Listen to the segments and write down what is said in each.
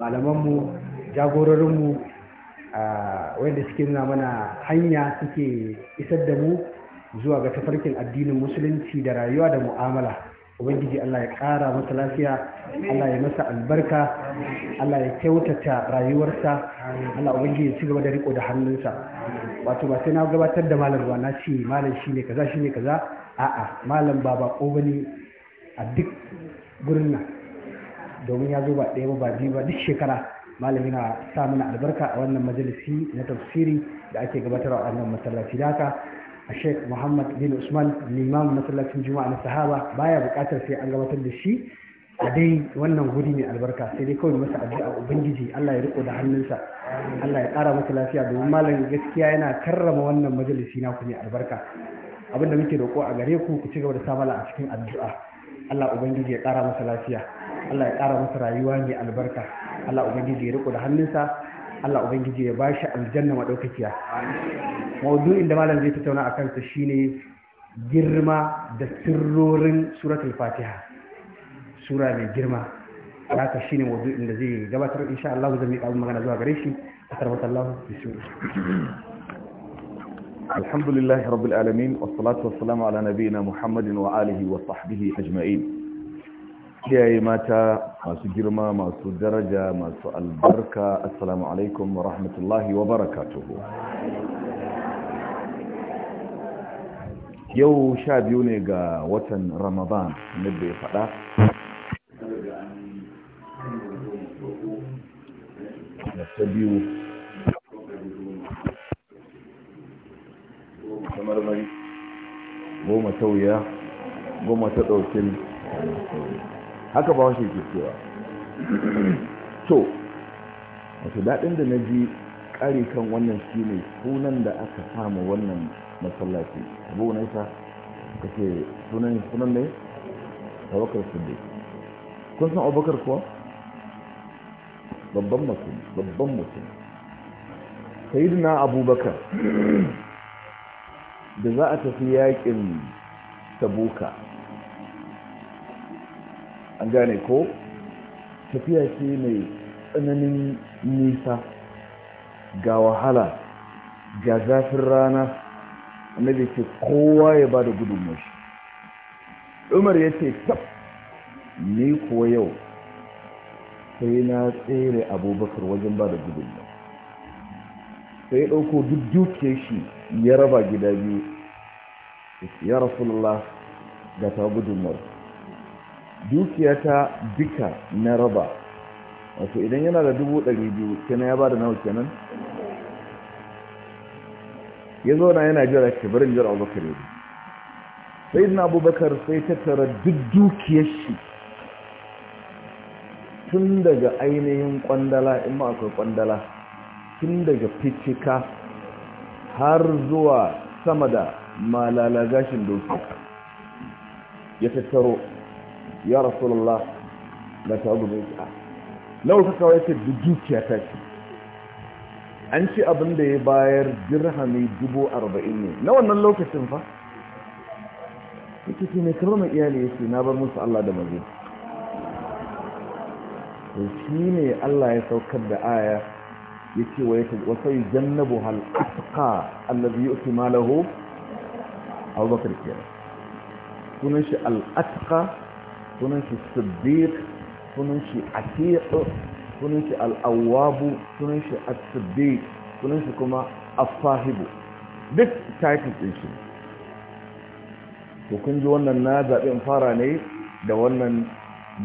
malamanmu jagororinmu wanda suke nuna mana hanya suke isar da mu zuwa ga tafarkin addinin musulunci da rayuwa da mu'amala ubangiji Allah ya kara masa lafiya Allah ya masa albarka Allah ya kyautata rayuwarsa Allah ubangiji ya ci gaba da riko da hannunsa wato ba sai na gabatar da malam ba na ce malam ne kaza shi ne kaza a'a malam ba ba ko bane a duk gurin nan domin ya zo ba ɗaya ba biyu ba duk shekara malami na sa mana albarka a wannan majalisi na tafsiri da ake gabatarwa a wannan masallaci da haka a shek muhammad bin usman limamin masallacin juma'a na sahaba baya buƙatar sai an gabatar da shi a dai wannan guri mai albarka sai dai kawai masa addu'a ubangiji Allah ya riko da hannunsa Allah ya ƙara masa lafiya domin malam gaskiya yana karrama wannan majalisi na ku mai albarka abinda muke roƙo a gare ku ku ci gaba da samala a cikin addu'a Allah ubangiji ya ƙara masa lafiya Allah ya ƙara masa rayuwa mai albarka Allah ubangiji ya riko da hannunsa Allah ubangiji ya bashi aljanna madaukakiya maudu'in da malam zai tattauna a kansa shine girma da sirrorin suratul fatiha sura mai girma haka shine maudu'in da zai gabatar insha Allah zan miƙa magana zuwa gare shi tarwata Allah bismillah الحمد لله رب العالمين ala والسلام Muhammadin wa alihi wa sahbihi ajma'in iyaye mata masu girma masu daraja masu albarka assalamu alaikum wa rahmatullahi wa barakatuhu yau sha biyu ne ga watan ramadan da ya fada ta biyu goma ta wuya goma ta haka ba washe ke cewa to wato daɗin da na ji ƙari kan wannan shi ne sunan da aka samu wannan masallaci abu na isa ka ce sunan sunan ne abubakar siddiq kun san abubakar kuwa babban mutum babban mutum sayyidina abubakar da za a tafi yakin tabuka an gane ko tafiya ce mai tsananin nisa ga wahala ga zafin rana da ke kowa ya ba da gudun umar ya ce tab ni kuwa yau sai na tsere abubakar wajen ba da gudun sai ɗauko duk duke shi ya raba gida biyu ya rasulullah ga ta gudunmarsu. dukiyata duka na raba wato idan yana da dubu ɗari biyu kenan ya ba da nawa kenan ya zo na yana jira ke barin jira abubakar yau sai na abubakar sai tattara duk dukiyar shi tun daga ainihin kwandala in ma akwai kwandala tun daga fitika har zuwa sama da malala gashin doki ya tattaro يا رسول الله لا تعبد بيت لو فكرت بجوك يا فاك انت ابن دي باير درهمي دبو اربعين ني لو ان لو كتن فا كتن كرم ايالي يسي نابر موسى الله دمجي وشيني الله يسوكد بآية يتي ويتد وسيجنبها الاتقى الذي يؤتي ماله او بكر كيرا تنشي الاتقى sunan shi sabbir sunan shi atiq sunan shi al'awabu sunan shi as sunan shi kuma as duk titles din shi to kun ji wannan na zaɓi in fara ne da wannan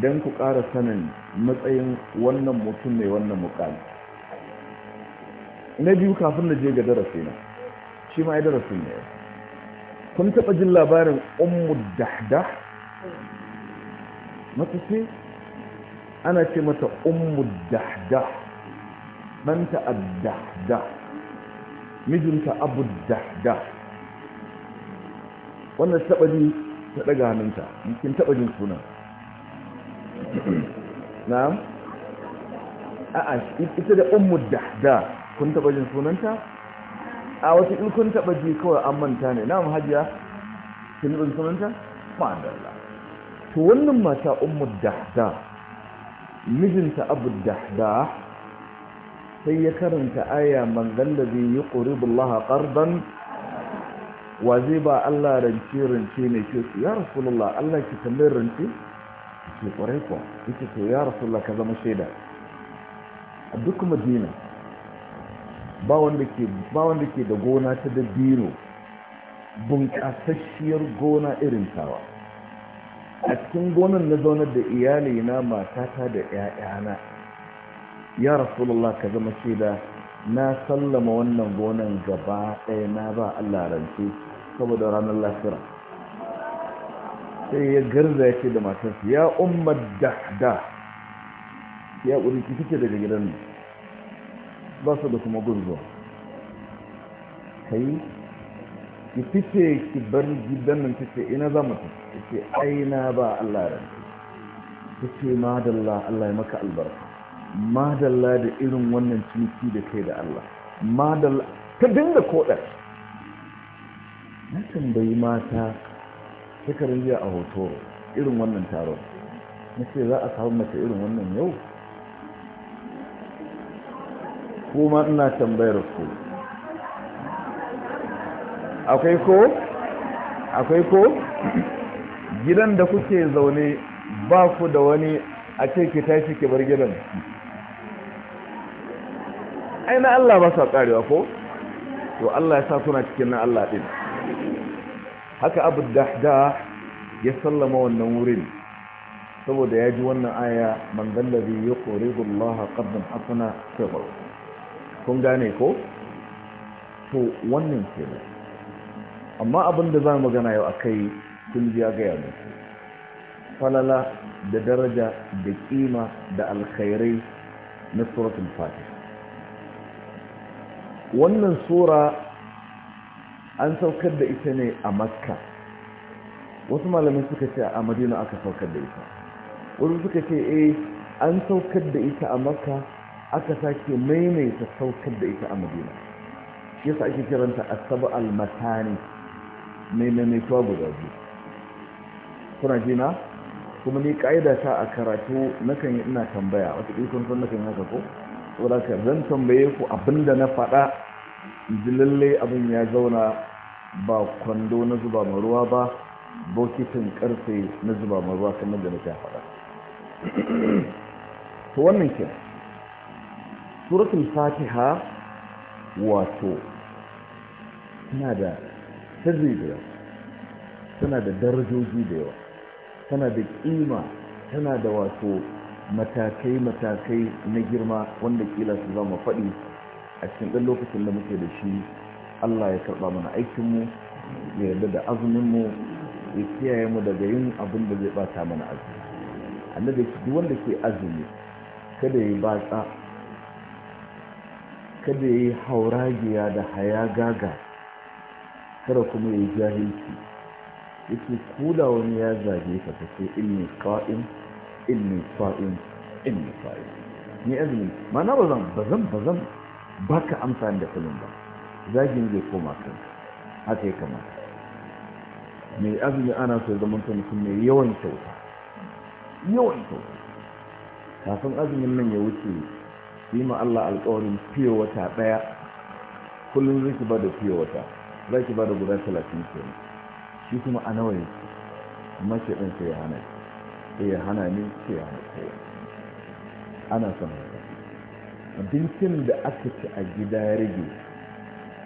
don ku ƙara sanin matsayin wannan mutum mai wannan mukami na biyu kafin da je ga darasi na shi ma ya darasin ne kun taɓa jin labarin ummu dahdah mace ce ana ce mata ummu dahda ɗanta dahda, mijinta abu dahda wannan taɓa ji ta ɗaga hannunta kin taɓa jin Na na'am a'a ita da ummu dahda kun taɓa jin sunanta a wata in kun taɓa ji kawai an manta ne na mahajiya, kin taɓa jin sunanta ma'adallah to wannan mata ummu dahda mijinta abu dahda sai ya karanta aya man zallazi yuqribu Allah qardan wa zai ba Allah rance rance ne su ya rasulullah Allah ki tambayar rance ki kware ko yake to ya rasulullah ka zama shaida a duk madina ba wanda ke ba wanda ke da gona ta dabino bunkasasshiyar gona irin tawa a cikin gonan na zaunar da iyalina matata da 'ya'yana ya rasulullah ka zama shaida na sallama wannan gonan gaba ɗaya na ba Allah rance saboda ranar lafira sai ya garza ya ce da matarsa ya ummar da ya ki kike daga gidan ba su da kuma gurzo kai ki fice ki bar gidan nan kike ina za mu tafi ce aina ba Allah da su ce madalla Allah ya maka albarka madalla da irin wannan ciniki da kai da Allah madalla ta dinga koda na tambayi mata suka jiya a hoto irin wannan taron na ce za a samu mace irin wannan yau kuma ina tambayar ku akwai ko akwai ko gidan da kuke zaune ba ku da wani a ce ki tashi ki bar gidan aina na Allah ba sa karewa ko to Allah ya sa kuna cikin na Allah din haka abu dahda ya sallama wannan wurin saboda ya ji wannan aya man zallabi ya kori gullaha ƙarfin hasana shekaru kun gane ko? to wannan ke amma abin da za mu gana yau a kai Sun ji ya gaya falala da daraja da kima da alkhairai na suratul fatih wannan sura an saukar da ita ne a makka wasu malamai suka ce a madina aka saukar da ita wasu suka ce eh an saukar da ita a makka aka sake maimaita saukar da ita a madina shi yasa ake kiranta asabu al-matani mai maimaituwa guda biyu kuna jina kuma ni ƙa'ida ta a karatu nakan yi ina tambaya wata ikon sun nakan haka ko saboda ka zan tambaye ku abin da na faɗa ji lalle abin ya zauna ba kwando na zuba ma ba bokitin karfe na zuba ma ruwa kamar da na ta faɗa to wannan ke suratul fatiha wato tana da sirri da yawa tana da darajoji da yawa tana da ƙima tana da wato matakai-matakai na girma wanda kila su za faɗi a cikin ɗan lokacin da muke da shi allah ya karɓa mana aikinmu ya yarda da azuminmu ya kiyaye mu daga yin abin da zai bata mana azumi annabi duk wanda ke azumi kada ya yi batsa kada ya yi hauragiya da hayagaga kada kuma ya yi jahilci yake kula wani ya zage ka ta ce inni fa'in inni fa'in inni fa'in ni azumi mana ba zan ba zan ba zan ba ka amsa da kullum ba zagin zai koma kan haka ya kamata mai azumi ana so zaman ta mutum mai yawan kyauta yawan kyauta kafin azumin nan ya wuce yi ma Allah alƙawarin fiye wata ɗaya kullum zai ki ba da fiye wata zai ki ba da guda talatin kenan shi kuma a nawa yake amma ce ɗin sai ya hana sai ya hana ne sai ya hana ana son haka abincin da aka ci a gida ya rage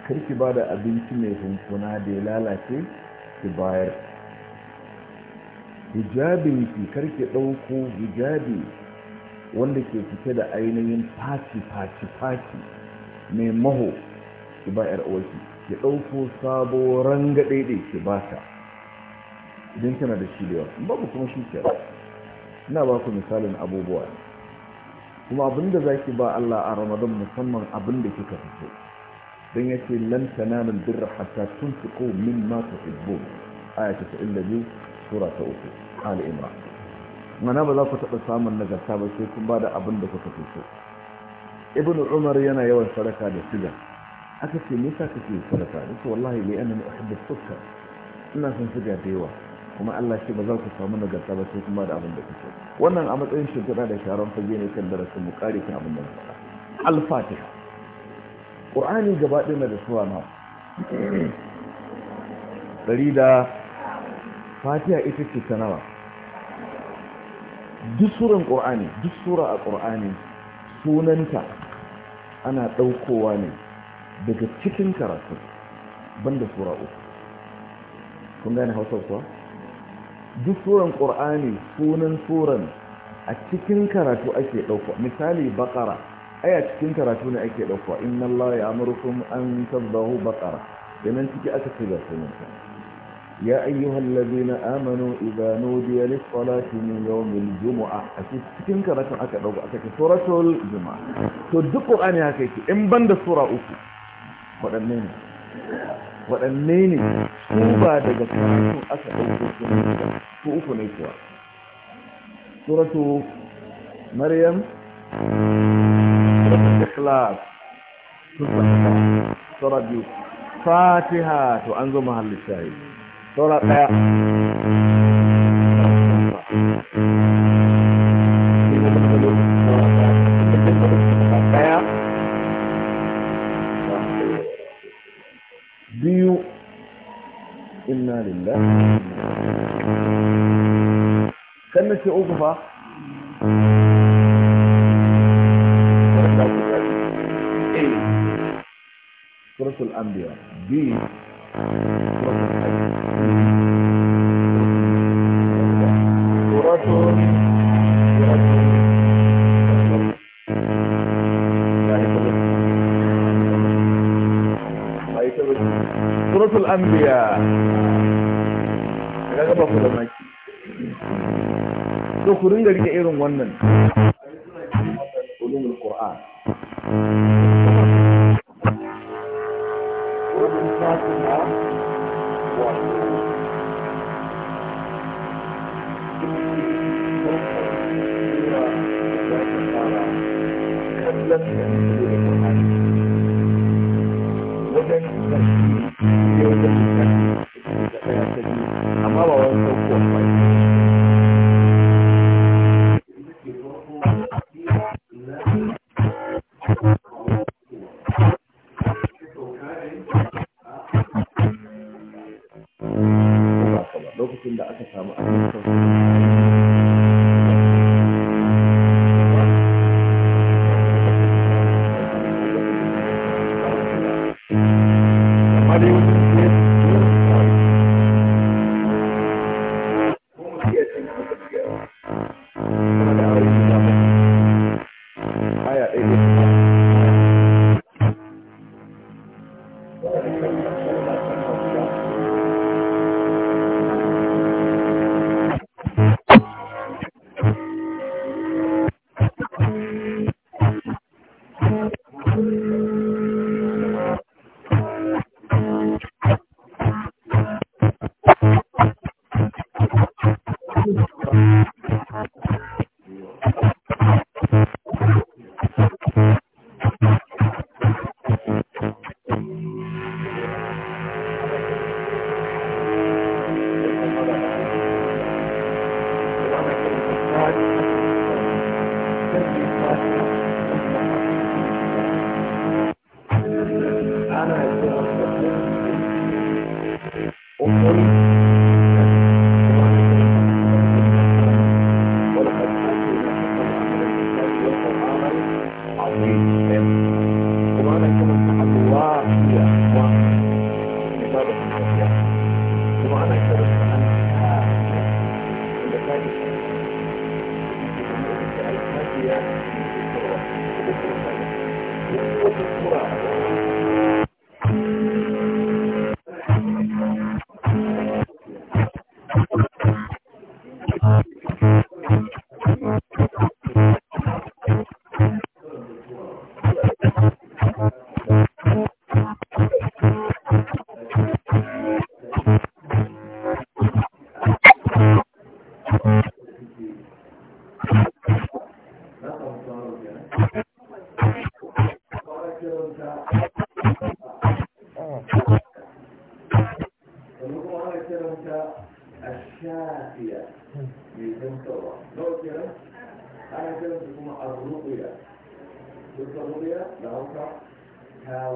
karki ba da abinci mai hunkuna da ya lalace ki bayar hijabin ki karki ɗauko hijabi wanda ke cike da ainihin faci faci faci mai maho ki ba ƴar ki ɗauko sabo rangaɗe ki ba ta idan tana da shi da babu kuma shi ke ina ba ku misalin abubuwa kuma abin da za ba Allah a ramadan musamman abin da kika fito don ya ce lan tanalul birra hatta su mimma tuhibbu aya ta 92 sura ta 3 mana ba za ku taɓa samun nagarta ba sai kun ba da abin da kuka fito ibn umar yana yawan sadaka da siga aka ce me yasa kake sadaka ita wallahi li annani uhibbu sukka ina son siga da yawa kuma Allah shi ba za ku samu nagarta ba sai kuma da abin da kuke wannan a matsayin shimfiɗa da sharon fage ne kan darasin mu kare kan abin da na faɗa al-fatiha qur'ani gaba ɗaya da suwa na ɗari da fatiha ita ce ta nawa duk suran qur'ani duk sura a qur'ani sunanta ana ɗaukowa ne daga cikin karatu banda sura uku kun gane hausar kuwa duk suran ƙur'ani sunan suran a cikin karatu ake ɗauka misali baƙara ai a cikin karatu ne ake ɗauka inna Allah ya amurkum an tabbahu baƙara yanan ciki aka ce ga sunan ya ayyuhal ladina amanu idza nudiya lis salati min yawmil jumu'a a cikin karatu aka ɗauka aka ce suratul jumu'a to duk ƙur'ani haka yake in banda sura uku waɗanne ne waɗanne ne su mm. ba daga karatu aka ɗauko su su uku ne kuwa suratu maryam suratu ikhlas sura biyu fatiha to an zo mahallin shayi sura ɗaya fa hmm. suratul anbiya B Thank you.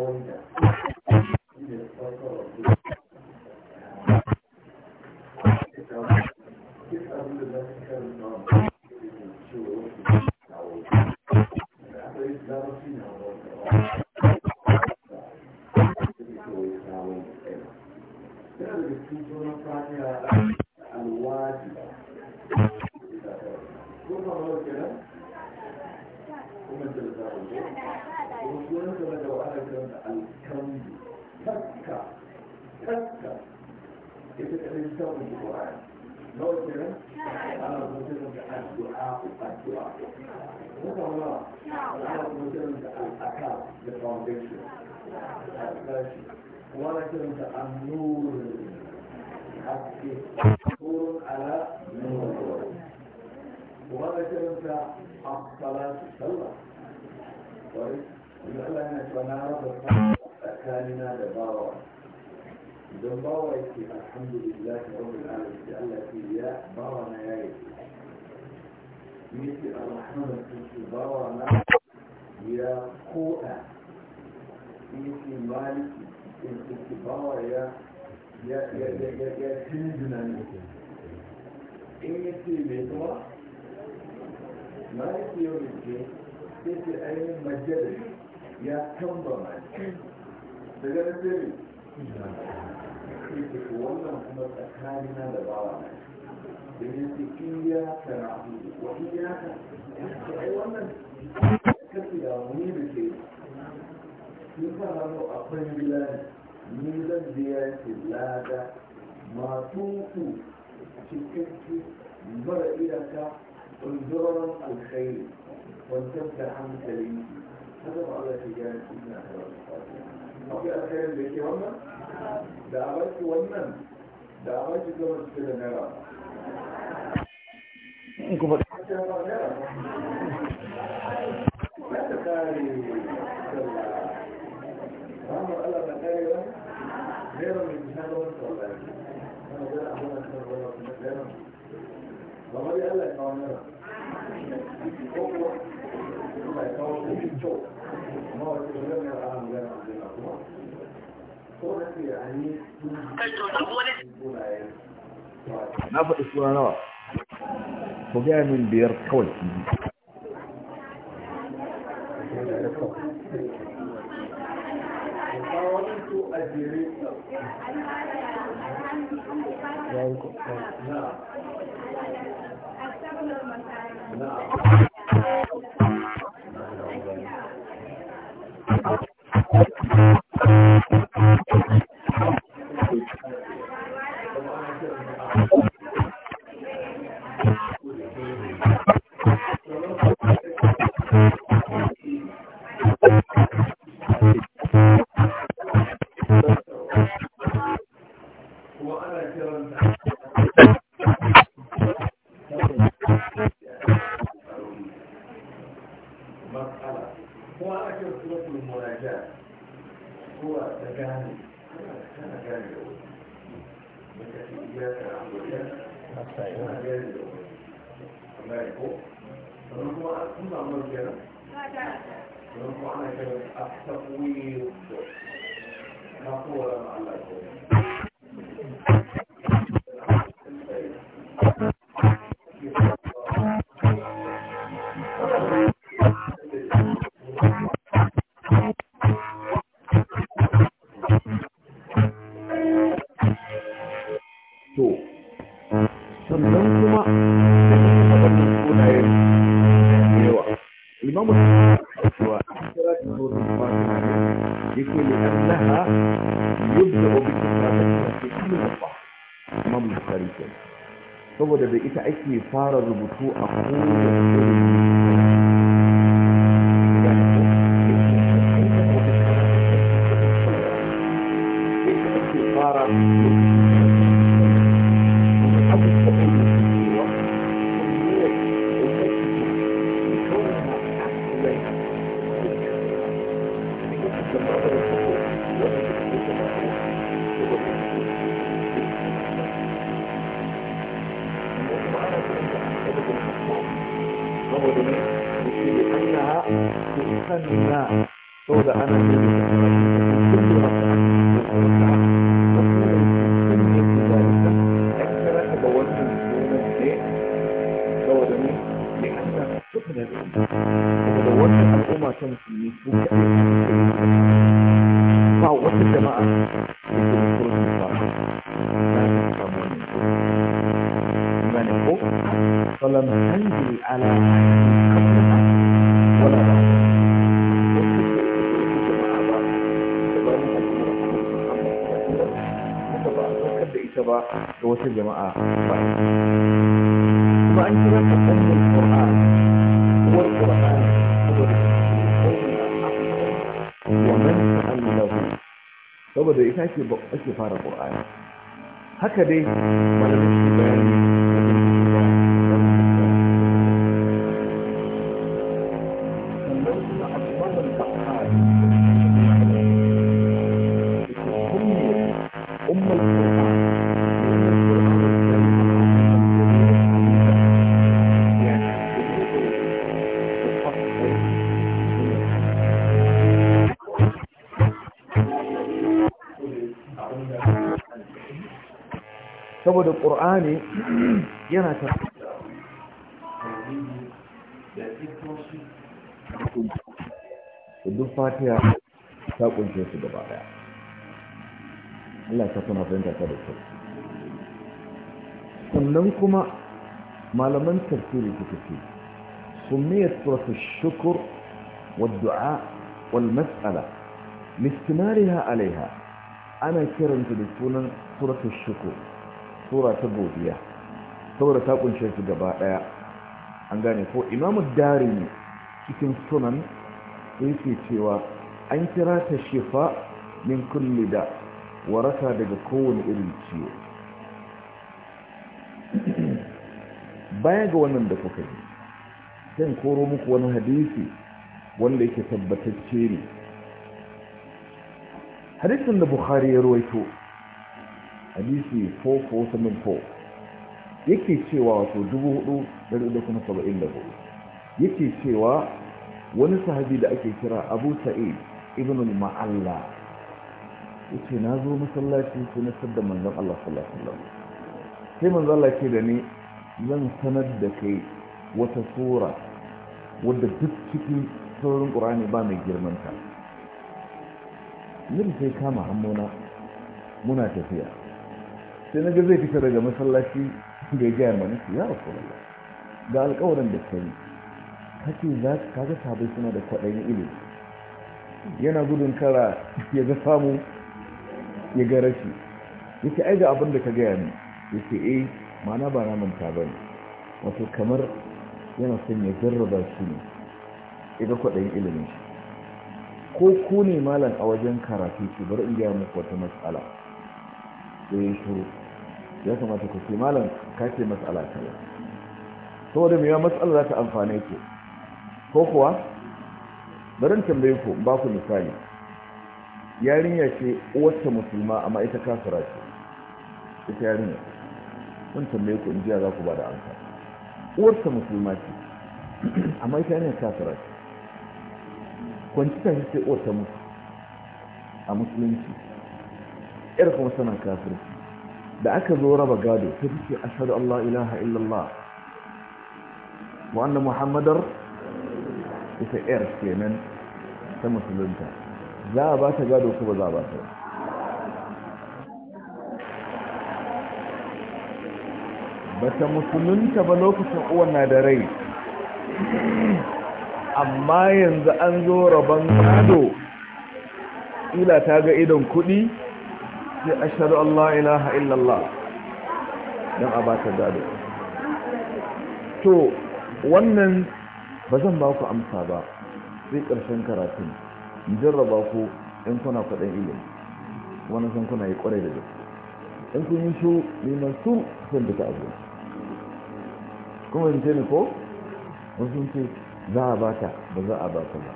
wanda kiran da alkambi taska taska ita ta rin ta wani ƙwari na wace ran ana kuma kiran da addu'a addu'a wata wala ana kuma kiran da al'aka da foundation al'akashi wala kiran da annur haske turun ala nuna وهذا كلام الصلاة الصلاة Allah na cewa na raba tsakanina da bawa idan bawa yake alhamdulillah ta rabbil alamin da Allah ke ya bawa na ya yi yake alhamdulillah ta bawa na ya koda yake maliki in suke bawa ya ya ya ya ya ya tunjuna ne in yake mai kuma maliki yau ne ke yake ainihin majalisar ya tambama ne daga nan sai ne ke wannan kuma tsakanina da bawa na da ne ce iya kana wa iya ka ya ai wannan kafin da wani da ke sun sa hannu akwai bilani ni zan biya ce lada masu ku cikakke mara iyaka ƙundurar alkhairi wancan da hankali akwai alkhairin da ke wannan da a baki wannan da a baki gama cike da naira kuma da ta kare ramar Allah na kare ba naira mai bisa da wani tsallari wani zai a wani tsallari wani naira ba wani Allah ya kawo naira ko kuma ya kawo kuma kyau na faɗi suna nawa ku gaya min biyar kawai Thank you. ita ba ga wata jama'a ba kuma an kira ta ɗanyen ƙur'an uwar ƙur'an wannan ta'allahu saboda ita ake fara ƙur'ani haka dai malamin bayani malaman tafsiri suka ce summiyat suratu shukur والدعاء والمسألة لاستمارها عليها أنا كرم تدسونا سورة الشكر سورة تبودية سورة تاكل شيء جباء أنجاني فو إمام الداري كتن سنن يكي تيوى أن كرات الشفاء من كل داء ورثى بقوة إرنسيو baya ga wannan da kuka yi zan koro muku wani hadisi wanda yake tabbatacce ne hadisin da bukhari ya ruwaito hadisi 4474 yake cewa wato 4,474 yake cewa wani sahabi da ake kira abu sa'id ibn al-ma'alla yace na zo masallaci sai na sadda manzon Allah sallallahu alaihi wasallam sai manzon Allah ke da ni zan sanar da kai wata sura wadda duk cikin saurin ƙurani ba mai girmanta yadda sai kama hannuna muna tafiya sai na zai fita daga masallaci da ya gaya mani su ya rasu ga alkawarin da sai kake za ka ga sabai suna da kwaɗayin ilimi yana gudun kara ya ga samu ya ga rashi yake ai ga abin da ka gaya ni yake eh mana ba na manta ba ne wato kamar yana son ya jarraba shi ne idan kwaɗayin ilimin shi ko ku ne malam a wajen karatu ce bari iya muku wata matsala da ya shuru ya kamata ku ce malam ka ce matsala ta yau saboda mai yawa matsala za ta amfane ku ko kuwa bari tambaye ku ba ku misali yarinya ce wata musulma amma ita kafira ce ita yarinya mun tambaye ku injiya za ku ba da amsa uwarsa musulma ce amma ita ne kafira ce kwanci ta sai uwarta mutu a musulunci yar kuma tana kafir da aka zo raba gado ta ce ashhadu an la ilaha illallah wa anna muhammadar ita yar kenan ta musulunta za a ba ta gado ko ba za a ba ta Bata musulunta ba lokacin uwan na da rai amma yanzu an zo rabon gado ila ta ga idon kudi sai ashadu Allah ilaha illallah don a ba ta gado to wannan ba zan ba ku amsa ba sai ƙarshen karatun jarraba ku in kuna kwaɗin wani sun kuna yi kwarai da gaske in kun yi shi neman su sun duka abuwa kuma in ce ni ko wasu ce za a ba ta ba za a ba baka ba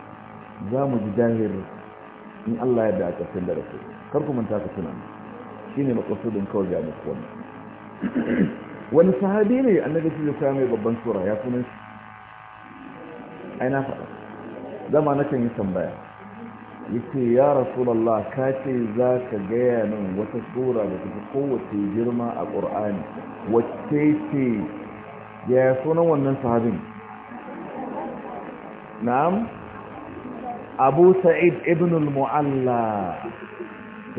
za mu ji jahir in Allah ya da a ƙarshen da rasu kar ku manta ka tuna shi ne makasudin kawai ya muku wani wani sahabi ne annabi shi zai mai babban sura ya sunan shi ai na faɗa zama na kan yi tambaya yace ya rasulullah ka ce za ka gaya min wata sura da ta fi kowace girma a ƙur'ani wacce ce Yaya sunan wannan sahabin na'am abu sa'id ibn al-mu'alla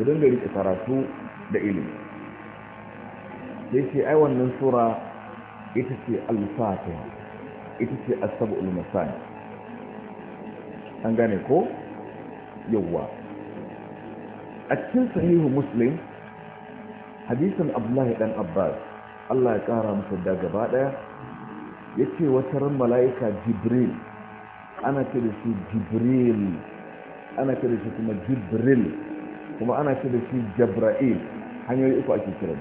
ku dinga rike karatu da ilimi sai ce ai wannan sura ita ce al-fatiha ita ce Asabu sabul masani an gane ko yawwa a cikin sahihu muslim hadisan abdullahi dan abbas Allah ya kara musu da gaba daya ya ce wata ran mala'ika jibril ana ce da shi jibril ana ce da shi kuma jibril kuma ana ce da shi jabra'il hanyoyi uku ake kira kiran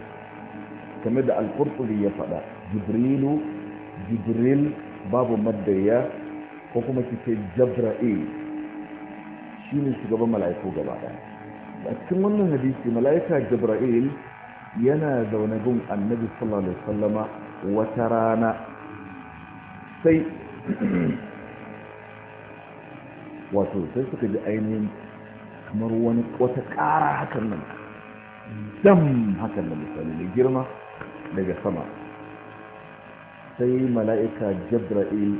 kamar da alkurturi ya faɗa jibrilu jibril babu maddaya ko kuma kike jabra'il shi ne shugaban mala'iku gaba ɗaya a cikin wannan hadisi mala'ika jabra'il yana zaune gun annabi sallallahu alaihi wasallama wata rana sai wato sai suka ji ainihin kamar wani wata ƙara hakan nan dam hakan nan misali mai girma daga sama sai mala'ika jibrail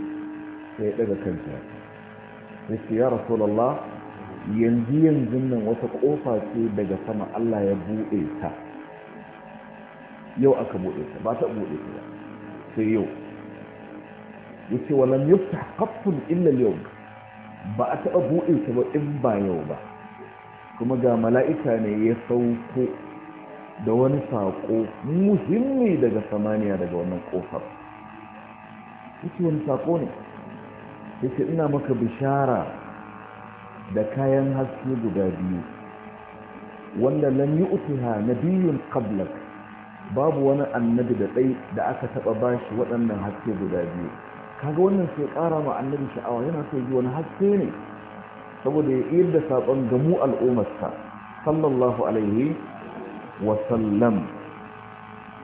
sai daga kanta sai su ya rasulallah yanzu yanzu nan wata ƙofa ce daga sama allah ya buɗe ta yau aka buɗe ta ba ta buɗe ta sai yau yake walam yuftah yau illa al-yawm ba a taɓa buɗe ta ba in ba yau ba kuma ga mala'ika ne ya sauko da wani saƙo muhimmi daga samaniya daga wannan ƙofar yake wani saƙo ne yake ina maka bishara da kayan haske guda biyu wanda lam yu'tiha biyun qablak babu wani annabi da ɗai da aka taɓa bashi waɗannan haske guda biyu kaga wannan sai ƙara ma annabi sha'awa yana so ji wani haske ne saboda ya iya da saƙon mu al'ummarsa sallallahu alaihi wa sallam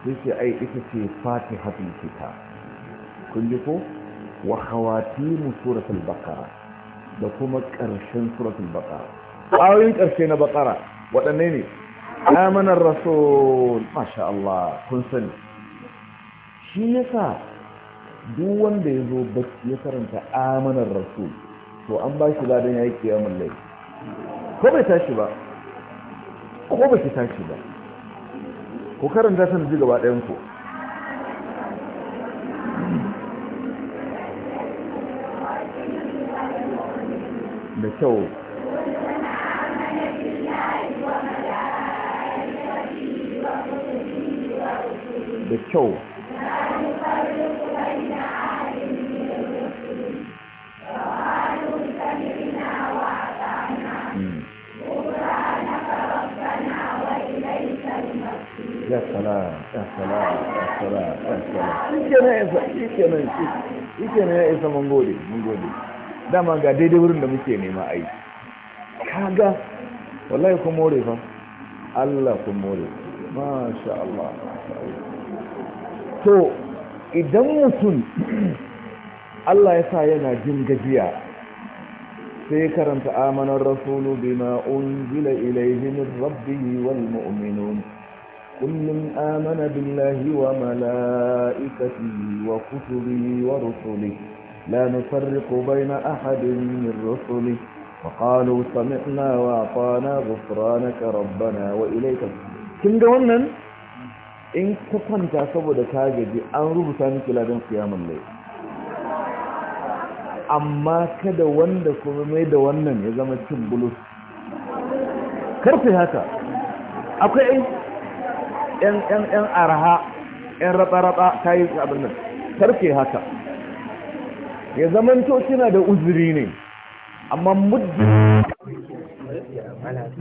sai ce ai ita ce fatihatul kitab kun ji ko wa mu suratul baqara da kuma ƙarshen suratul baqara ayoyin ƙarshe na baqara waɗanne ne amanar rasul masha Allah kun sani shi yasa duk wanda ya zo bacci ya karanta amanar rasu, to an ba shi ladan ya yi kiyamun lai ko bai tashi ba ko bai tashi ba ku karanta ta ji gaba ɗayan ku da kyau da kyau ya salam ya salam ya salam ya salam shi ya isa mun gode mun dama ga daidai wurin da muke nema a yi kaga wallahi kuma more fa Allah kun more masha Allah to idan mutum Allah ya sa yana jin gajiya sai karanta amanar rasulu bima unzila ilayhi min rabbihi wal mu'minun كل آمن بالله وملائكته وكتبه ورسله لا نفرق بين أحد من رسله فقالوا سمعنا وعطانا غفرانك ربنا وإليك كم قولنا إن كفن تعصبوا دكاجة دي أن بسانك كلادين قيام الله amma kada wanda kuma mai da wannan ya zama cin bulus karfe haka akwai yan yan yan araha yan raba-raba ta yi abin nan tarke haka ya zamanto suna da uzuri ne amma muddin wannan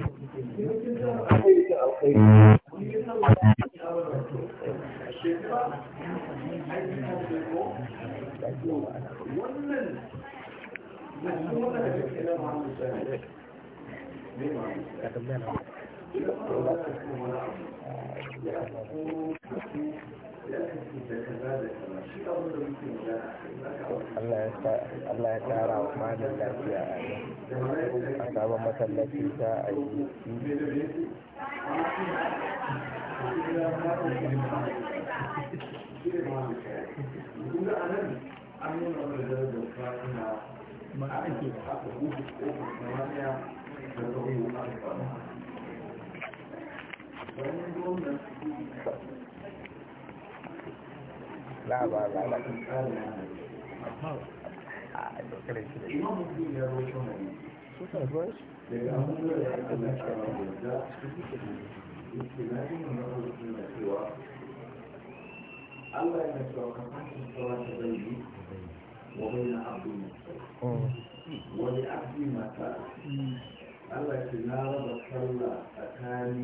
Allah ya tara wa lafiya a A sabon masallaci ta a yi ma'aikata Mm. Allah ya ce na raba sallah a tsari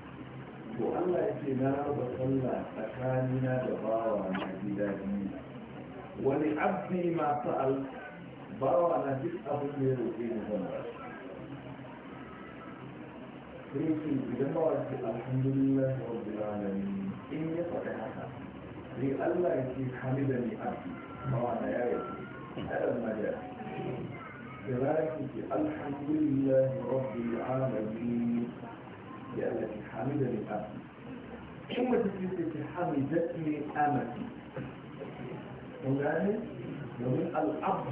to Allah ya ce na raba sallah tsakanina da bawa na gida biyu wani abdi ma sa'al bawa na duk abin da ya roƙe ni zan ba shi sai ce idan bawa ya ce alhamdulillah rabbil alamin in ya faɗi haka sai Allah ya ce hamidani abdi bawa na ya yi adam na da da za ki ce alhamdulillah rabbil alamin يا التي حمدني أمتي ثم تجد حمدتني أمتي ومعنى ومن الأبد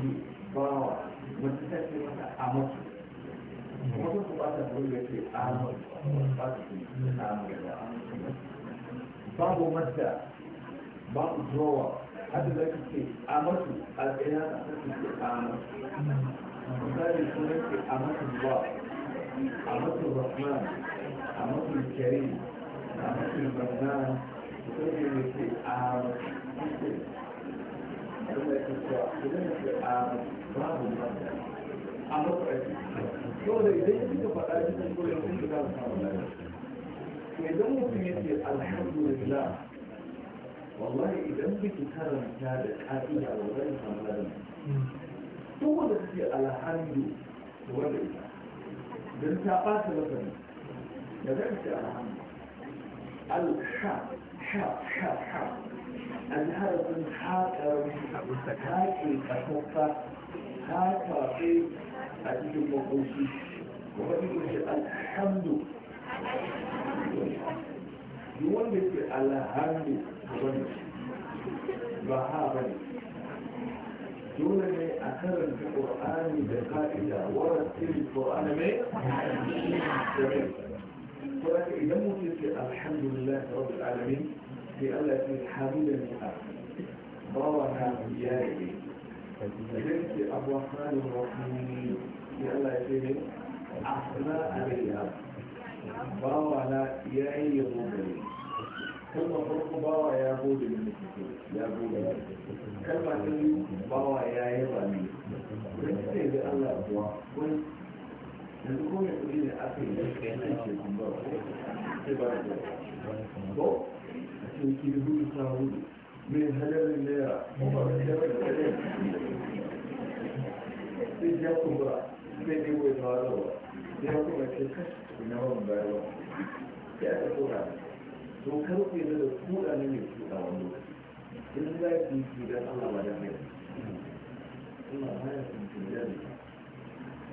باوة وتتكي مثلا أمتي ومن قبعة تقول لك أمتي باب مدى باب جروة حتى ذلك أمتي الإنسان تتكي أمتي وذلك يكون أمتي الله أمتي الرحمن أمر الكريم أمر البرنامج يقول في آمر idan mutum ya ce alhamdulillah wallahi idan biki karanta da ka'ida wa zai samu ladan duk wanda suke alhamdu wanda ita don ta ɓata lafarin لذلك الحاء حاء حاء حاء الهرب من حاء هاكي كتبت هاكي أجل مقوشي وبدي الحمد يولد الحمد بهابني دون ما أثر القرآن بقائدة ورد القرآن ما ولكن إذا ممكن الحمد لله رب العالمين في ألا في حميد المحاق ضرها بيائه إذنك الرحمن الرحيم في ألا يتمن أحسناء عليها ضرها يائي الرحيم كما فرق ضرى يا بود المسكين يا بود كما تلي ضرى يا يضني إذنك إذا ألا أدوى yanzu ko mai ne aka yi kai na ke kun ba sai ba da ko a ce ki sa hudu mai naira ba da yawa da sai ya kuma sai dai wai fara wa ya kuma ce kashi na wani bayarwa ya ta kura to karfe na da kuɗa ne mai kuɗa wani lokaci in za ki yi ki Allah ba da mai Allah ba ne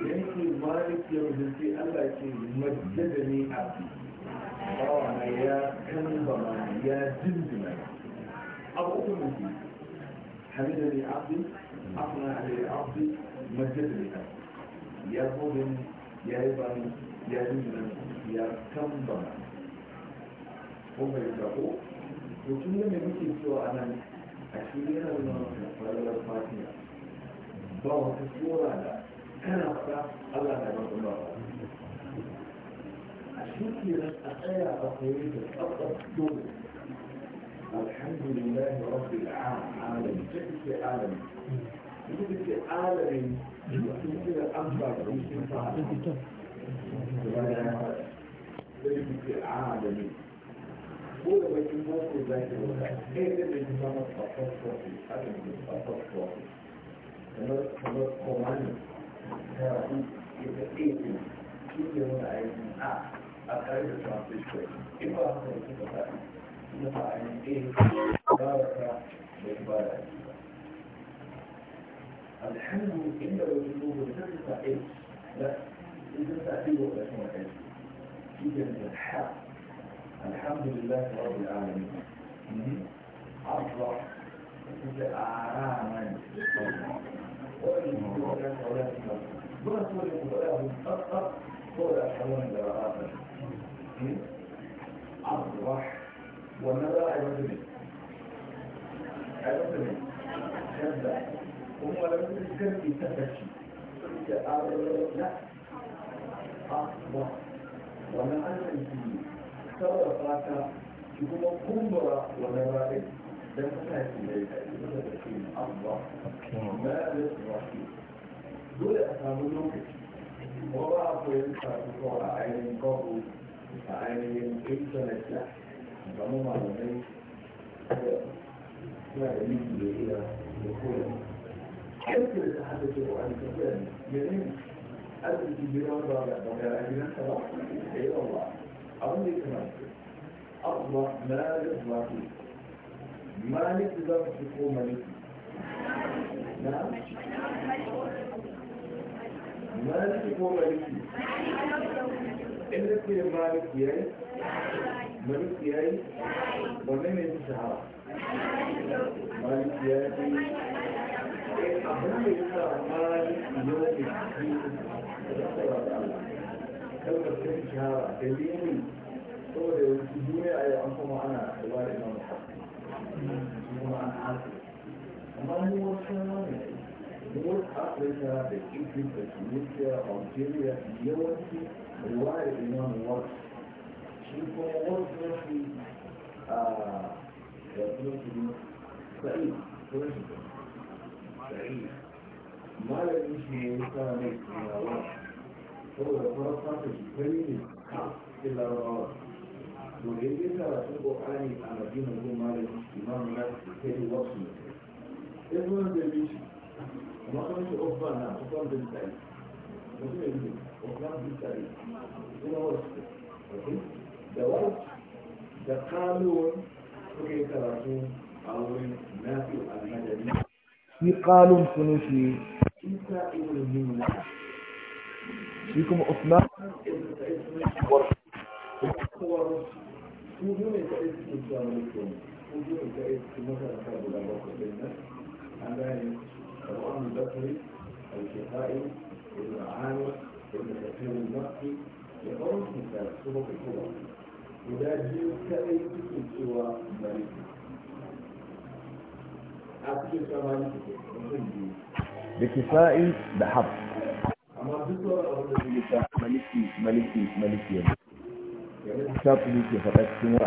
yankin malik yau da sai allah ke da ne a bawana ya kambama ya jinjina abu uku nufi hamida ne abdi afina ne abdi majjada ne abdi ya gode ya yi bani ya jinjina ya kambama ko bai zako to tun da muke cewa a nan a cikin yana nuna falalar fatiya ba wata tsora da kana fata Allah na da kuma a shi a tsaya a koyi da tsabtsab dole alhamdulillah rabbil alamin take alamin duk da alamin sun kira an ba da sun fara da ya fara zai fi alamin ولا بيكون موقف ذاكر ولا ايه اللي يسمى التفصيل الحاجة من التفصيل كمان كمان الحمد إلا وجدوه لذلك إيه لا لذلك أعطيه اسمه إيه إذن الحق الحمد لله رب العالمين أفضل أعراما وإن كنت أولاك دون سوري مبلاهم أكثر هو الحيوان لرعاته أفضح والنبع عبدالي عبدالي شبع هم لم يذكر في تفشي لا أفضح وما أنا إنسي سوى فاتا يقوم قنبرة ونبعي لم تفشي ليس أفضح ما لسرحي dole a samu lokaci ko ba a koyon karatu a ainihin kwabo a ainihin intanet da zama malamai suna da miki da iya da koyon kirkir ta hada ce wa wani tafiya ne yanayin arziki biyan ba ga bagara gidan ta ba da yawan ba abin da ya kamata abuwa na rarrabe ba su maliki za su ko maliki na maliki ko maliki in da ke maliki yayi maliki yayi wanne ne su shahara maliki yayi eh, abin da ya sa maliki yau da ke da Allah kalmar ta shahara dalilin saboda yawanci duniya a yau an kuma ana ibada imam hafi kuma an hafi amma ni wasu ne North Africa da Egypt da Tunisia, Algeria yawanci uh, ruwayar Imam Warsh shi kuma Warsh na shi a da kuma shi Sa'id ne ya sa mai suna Warsh saboda farar fata shi kai ne a larabawa to da yake karatun ƙoƙari a Madina ko malamin Imam Warsh kai Warsh ne. Ibn Dabishi وأنا مش أفضل أنا أفضل بالتالي وزي يجب أفضل بالتالي هنا هو السبب ده ورد ده قانون وكي تراتون أو نافي المدني في قانون سنوشي إنسا إبن المينة فيكم عثمان ورد وجود التأييد في الإسلام والإسلام وجود التأييد في مثلا كابل أبو عبد الله عن ذلك أبو أم البكري الكفائي ابن عامر ابن كثير المكي في مثال سبق الكبرى يناجي جيل كأي سوى مالك أكثر كمالك بكفائي بحب أما ذكر أرد بكفائي ملكي ملكي ملكي يعني شاطر ليكي فتاك سموع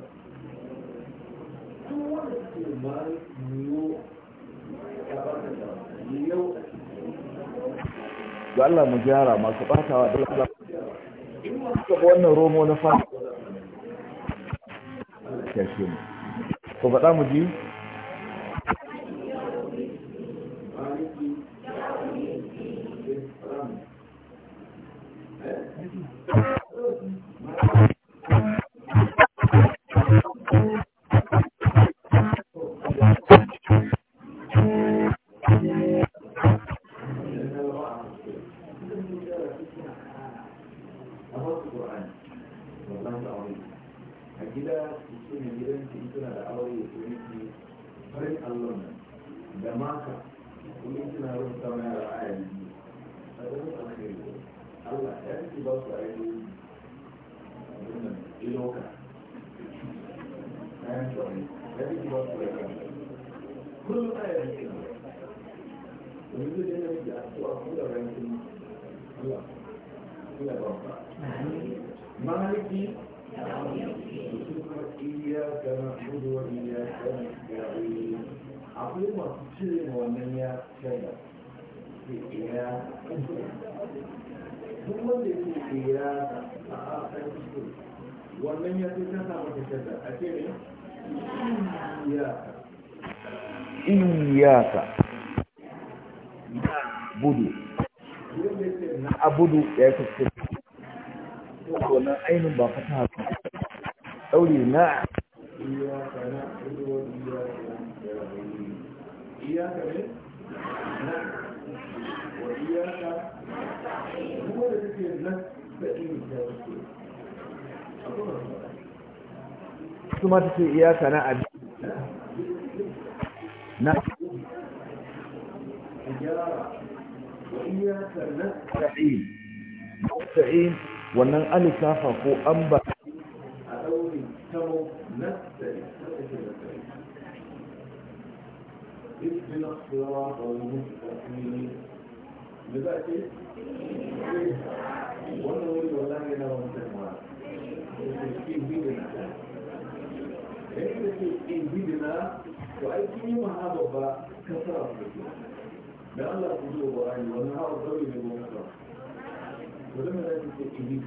ga Allah mu gyara masu batawa da Allah in ka wannan romo na fara mu ko faɗa mu ji نعبد وإياك نستعين أقول ما تشير ومن يشير إياك ثم الذي إياك فآخر الشيء ومن يتكفى وتكفى أتيني إياك إياك نعبد نعبد يا كفر wannan ainihin ba fata haka ɗaure na iyaka na abu wa iyaka na yarayi iyaka ne na wa iyaka kuma da suke na da ini ta wuce kuma ta ce iyaka na abu na iyaka na yarayi wannan alifafa ko an ba اشتروا نفس اهدنا الصراط المستقيم دلوقتي وانا اقول والله انا ما بنتهمها التشكيل بيدنا ايه التشكيل بيدنا وايدي ما هذا بقى كثرة لأن القلوب وأهل والنهار الضوي للمكرة ولما لا تتأكيد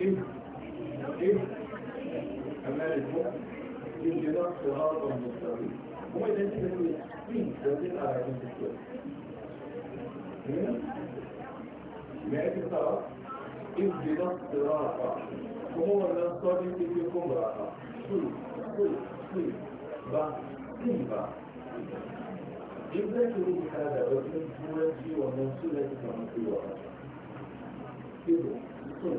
إيه إيه أمام المؤمن يجري صراطا مستقيما هو إيه، ده اللي بيقول مين ده على الكتاب ماشي صراط اجري صراطا وهو ده الصادق في الكبرى كل كل كل با با إذا كنت هذا وكنت هو ومنسولة كما في وقت كده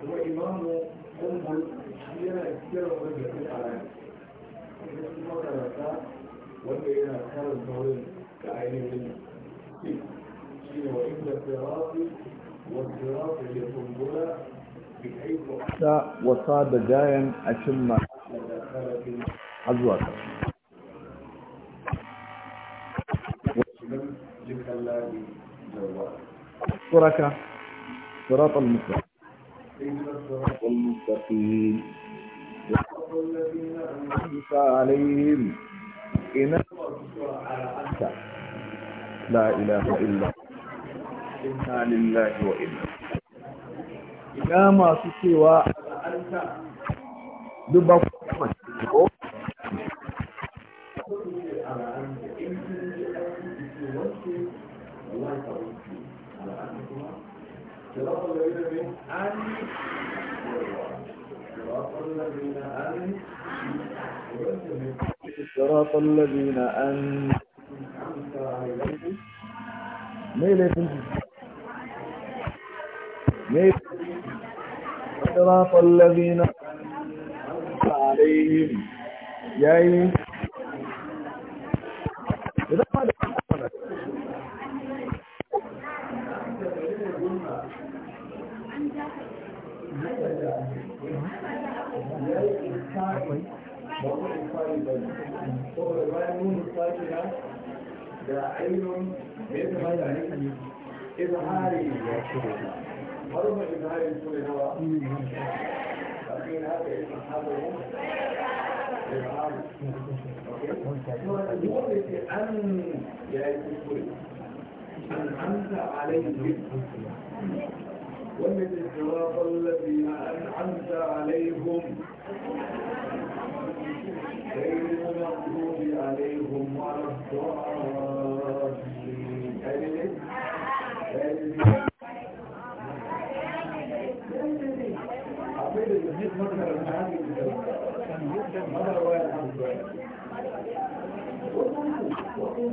هو إمام قنبل شيئاً كثيراً من جديد العالم وكذلك مرة لكا وكذلك إنا كان الضوارين كأعيني منه شيئاً إيه؟ وإن الضراطي والضراطي لقنبلة بحيث وصاد جاياً أشمع أزواتا وشمم جمع الله بجواتا أشكرك صراط المسلم المستقيم الذين أنعمت عليهم إن لا إله إلا إنا لله وإنا إلى ما سوى دبا Thank you. صراط الذين من عليهم صراط الذين أن ميلة صراط الذين أنت عليهم يا إذا إيه؟ بعين مثل إظهاري حرم إظهاري لكل هواء أخير هذا اسم حضرهم إظهار يورث أن يأتي كل أن أنت عليه بالكل ومن الصراط الذين أنعمت عليهم غير المغضوب عليهم ولا الضالين ألف ألف عبيد المجيد مظهر المعاني مظهر رواية الحمد لله وقوم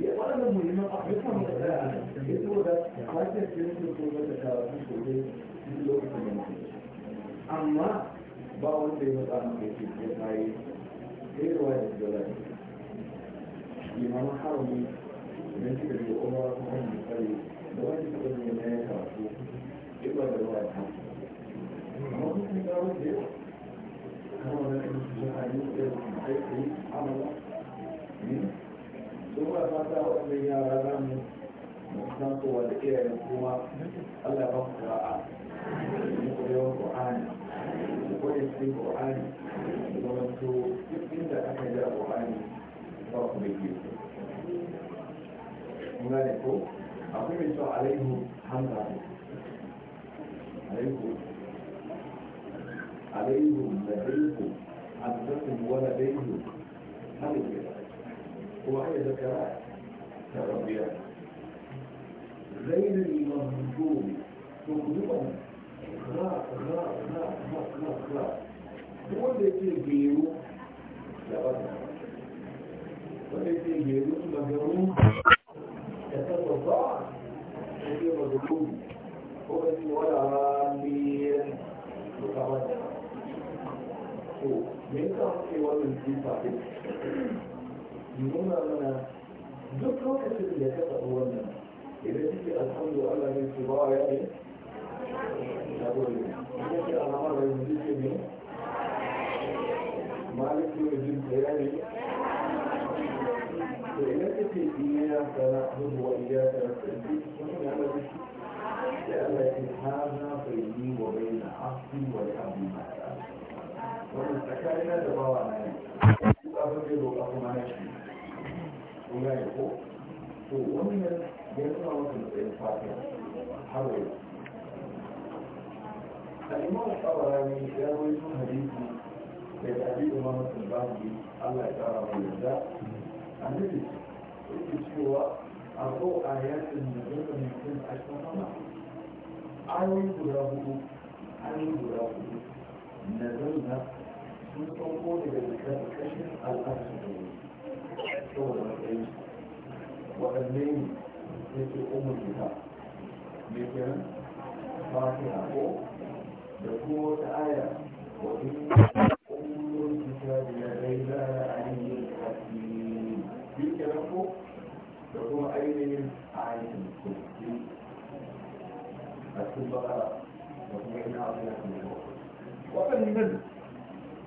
ya waɗannan muhimman abubuwan da za a ya so da hajjar ko da ta taru ko dai lokacin da amma ba wanda ya matsa maka ya ce ya kayi ruwa da shiga lafi liman harami idan kika je umar ko kan misali da wani kika ne na ya karatu ibba da ruwa ta amma kuma kun ga wanda yawa kama da kan shi a yi da aiki amala kuma fata wannan yara za mu san kowa da iyayen kuma Allah ba ku ra'a mu koyon Qur'ani mu koyi cikin Qur'ani kuma to duk inda aka ji Qur'ani ba ku da ke mun gane ko akwai mai cewa alaihu hamza alaihu alaihu ladaihu عبدكم daihu هل كده وهي ذكرى تربية غير المنظوم مقدوما غاء غاء غاء غاء غاء غاء هو اللي تجيرو لبنا واللي تجيرو مجرور يتبطع وهي مظلوم هو اللي ولا عاملين وكمان من كان في وزن في صحيح nuna mana duk lokacin da ka taɓa wannan idan kike alhamdu Allah ne ki ba ya ne da gode idan ki alamar da yanzu ke ne malik ne jin ya ne to idan kike iya sana hudu wa iya ta rabbi wannan ya rabbi sai Allah ya hana bayni wa bayna abdi wa abdi ma ta wannan tsakanina da bawa na ne abin da roƙa kuma na shi kun gane ko to wannan ya zama masa matsayin fatiha har wai al'imam tsabarani ya rawaito hadisi daga abi umar tsabarani allah ya tsara mai yarda annabi yake cewa a ko ayatin da zaka mutum a cikin sama ayoyi guda hudu ayoyi guda hudu na sun sauko daga ƙarƙashin al'arsu ne saboda matsayi waɗanne ne ke umar gida mai kiran fatiha ko da kuma wata aya wajen umar gida da ya raila a ainihin ƙarfi biyu kiran ko da kuma ainihin ainihin kurki a cikin bakara da kuma ina abin da waɗannan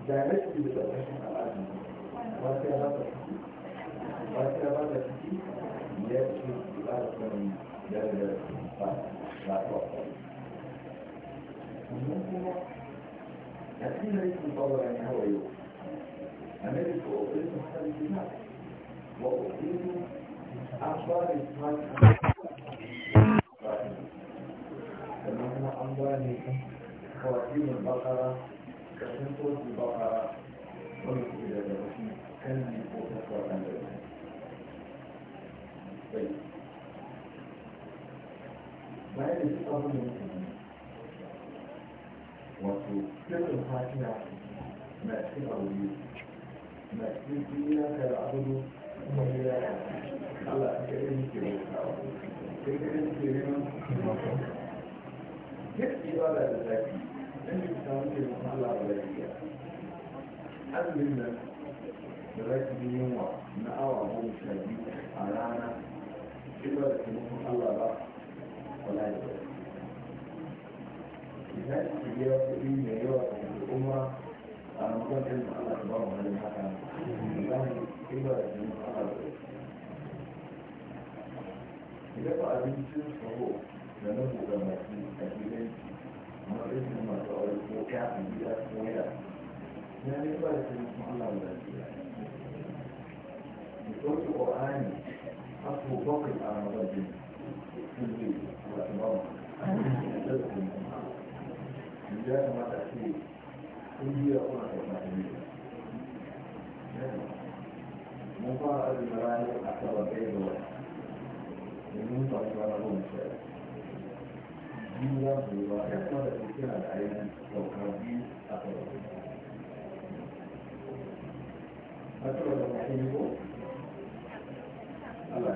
da rashi da ƙarshen al'adu wasu ya bata ciki wasu ya bata ciki ya ce ba da sanin da da ba ba ba sannan kuma a cikin rikin tsawara ne hawa yau amerika ofisun hasan jina wa ofisun an ba da smart sannan kuma an ba ne kawai ilmin bakara kasan ko su ba a wani da da wasu kan ne ko ta kwaɗan da wasu bayan da suka abu da wasu ne wato kirkin fatiya na cikin abu biyu na cikin duniya ka da abu da kuma gida ya Allah ta kai ne ke wata abu ke kai ne ke neman kuma kuma kirkin ba da zafi لم يستعمل المحلة الغربية هل منا بلاتي يوم نقوى هم شادي علانا إلا لكنهم الله بقى ولا يبقى لذلك يجب أن يجب الأمة أنا مقام علم الله أكبر وهذا الحكم لله إلا لكنهم الله بقى إذا بقى بنتي فهو لنبقى ما في أجلين Mun fara azumi ranar asabar ɗaya da wata, domin fara ranar goma sha جوا ويقبل اتكاء العين والقربين أقرب أقرب رحيمه الله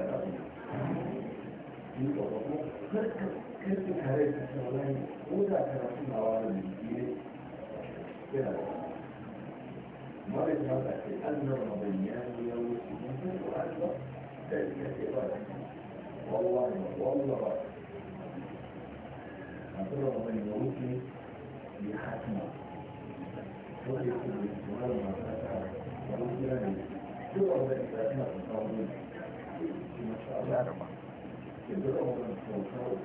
يقبل كنت حريت الشغلين وذاكرة في العوالم الجديدة كده مرض هذا أن الرضيان يوم السجن وأكبر ذلك إرادة والله والله أقول غيروك لحكمة تدرك بالاستمرار ما فتح ورجلا تدعو ذلك أن التطاولين ما شاء الله تدعو من التطاول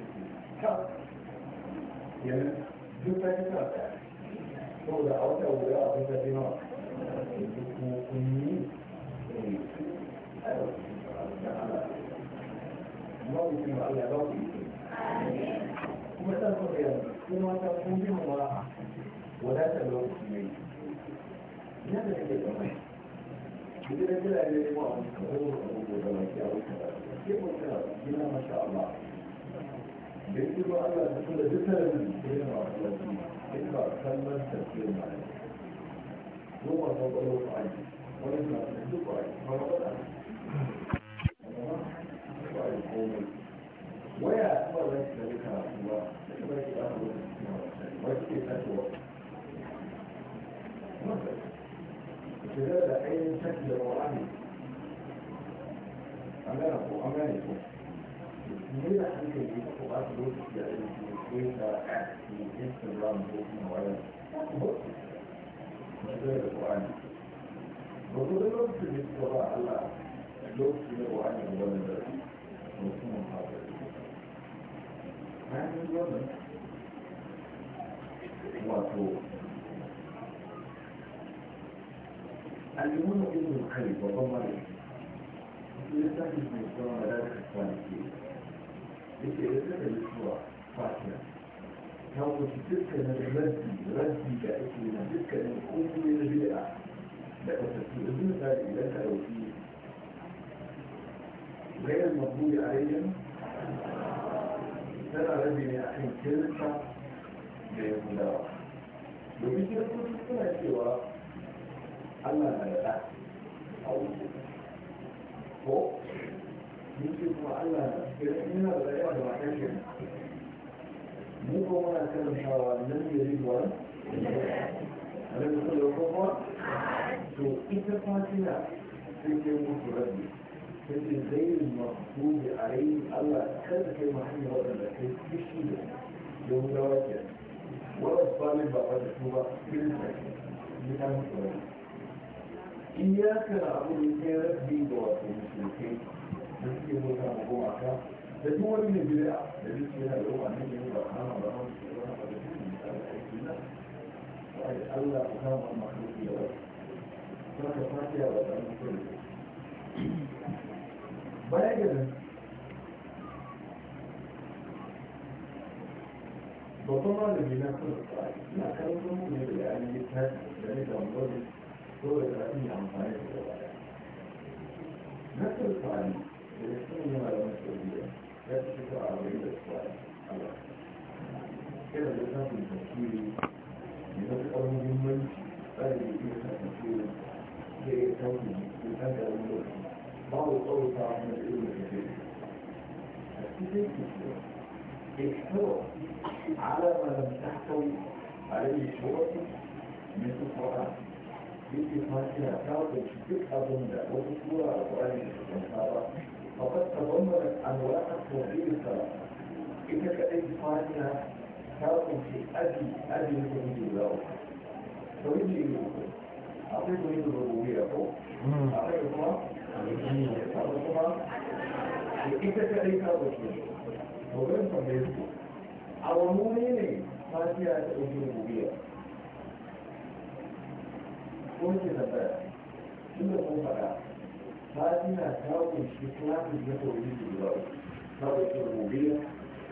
كم يعني جدا يتابع هو دعوت أو دعوت أنت بنار يكون الله يسمع الله يبقى مثلا صغيرة كما تكون بمراعاة ولا تلوث منه لماذا يجب إذا كلا إلى الإمام حضور أبو دلوكي أو كذا كيف كذا بما ما شاء الله بإذن الله تكون جسر من كلمة إلا كلمة تسير معنا ثم تضلوا عين ولما تسلوا عين فما بدأ وما القوم waya kuma za ki tafi karatu ba da kuma ki ba ku wani ke tasowa shigar da ainihin shafi da ƙwa'ani an gana ko an gane ko ne da hankali ne ko ba su lokaci a irin su ko da instagram ko kuma waya shigar da ƙwa'ani ba ku da lokacin da suka ba Allah lokacin da ƙwa'ani da wani da mutumin fata wato alimun ilmin kai babban mara lissafi mai tsawon da daga kwanaki da ke da suka yi zuwa fatiya ta wuce dukkanin rabbi rabbi da ake na dukkanin kungiyoyi na bid'a da kasashe da zuwa da idan ka dauki gairar mabuya a yayin tana rabi ne a kan kirista da ya gudawa domin kiristoci suna cewa allah na da ɗa a wuce ko mun ce kuma allah na idan yana da yawa da matan shi mu ko muna karantawa nan da ribuwa a nan da kuma to ita fatina sai ke mutu rabi فإن غير المغضوب عليه الله كذلك المحل هو الذي يشيله يوم دواجه ولا الظالم بعد التوبة بالفعل بأمر إياك نعبد كانت بي دوات المشركين نسكي بوتا مقومك لدول من البلاع لديك هنا لو أن يجب الرحمن الله الله أمام المخلوق يا رب فكفاك يا رب أن تكون Baya gida. Babban malami na kuma na karfin mu ne da ya yi da ya damu wani ko da ya amfani da gaba Na turfani da ya sun yi malamin saudiya ya fi fito a wani da suwa Allah. da samun tafsiri ne na tsawon muhimmanci tsarin da ya fi da ya da ya بعض القول بتاع المسؤولين احتوى على ما لم تحتوي عليه الشرطة من القرآن يجب فاتحة تعطي تبقى ضمن وتطورة القرآن فقد تضمنت أنواع التوحيد الثلاثة إن كانت فاتحة تعطي في أدي أدي التوحيد الأول توحيد الأول أعطيته من الربوبية فوق أعطيته ita kadai ta ɗauke domin tambaye su a wani ne fatiya ta ɗauke da gobiya ko ce na baya tun da kun faɗa fatiya ta o klasis o tauhidi guda uku ta ɗauke da gobiya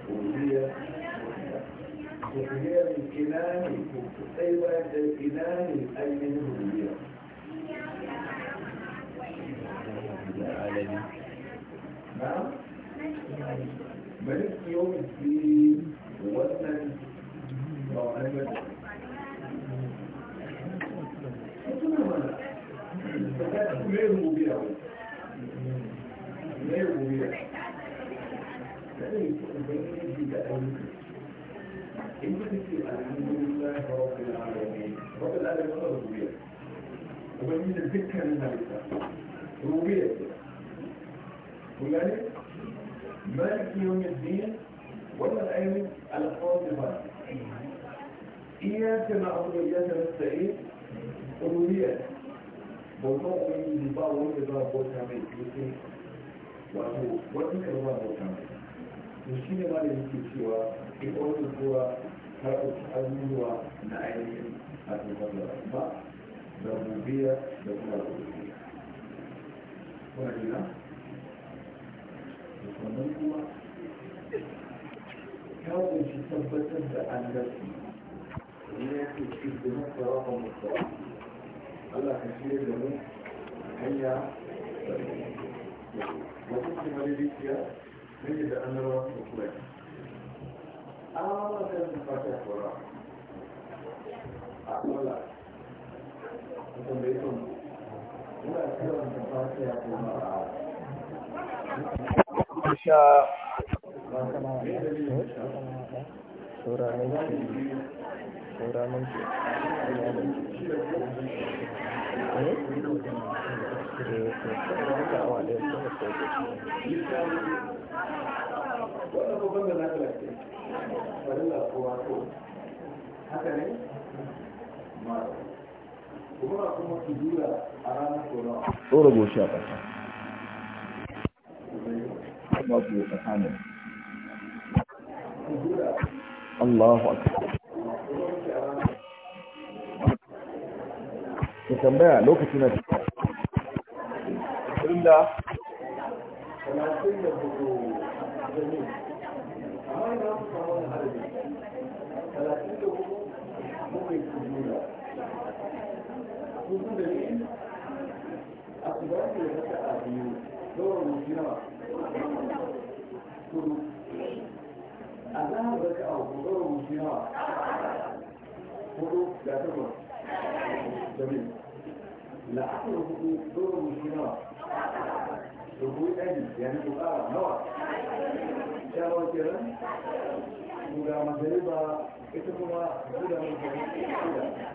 gobiya gobiya to ku yi kinani ko ku tsaye bayan da kinani ainihin gobiya ɗaya ce na abu da ya ta tsaye ruriya bauta ubangiji ba wanda za a bauta mai yake wato wani karba bauta mai to shi ne ma da yake cewa in wani kowa ta ɗauki abubuwa na ainihin a cikin da ba da rubiya da kuma ruriya kuna kuma ta kunshi tabbatar da an gasu Allah ka shirya da mu hanya wasu kuma da dukiya hanyar da annarwa da kuma yi. An wani wata yanzu fata kora a kola a tambayi kan muna kiran da fata ya kora a Insha Allah. Sura ne. saura minti haka ne? kuma kuma su jura goshi a ƙasa ba su yi ƙasa Allahu akbar ku tambaya lokaci na Alhamdulillah Thank you. la'akar hudu dogon shi nawa rubu ɗari yana ƙara nawa kiran ita kuma guda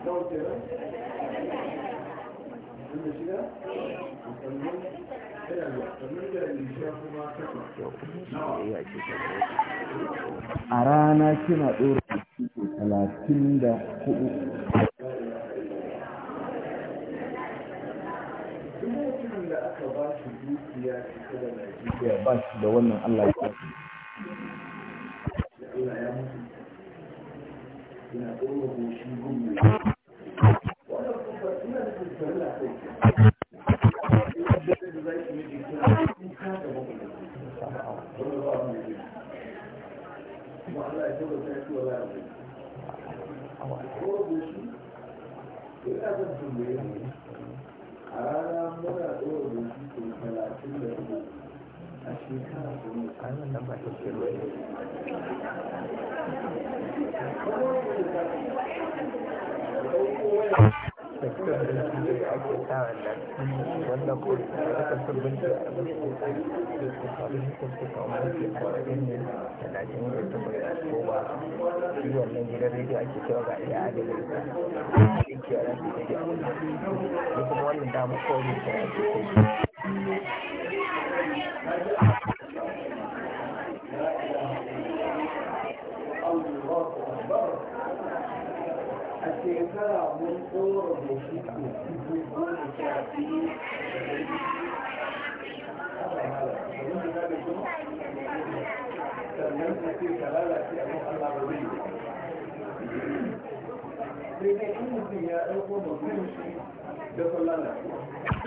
nawa kiran sun da shiga musamman a rana kina ɗora da dukiya ta da Najeriya ba shi da wannan Allah ya Allah ya mutu, yana ɗora gumi. a rana muna ɗora goshi talatin da biyu a shekara kuma kayan da ta ne wanda ko aka sabbin da abin da ke tsari da su kwalin hukun kawo da rediyo ake ga a shekara mun tsoro da shi ko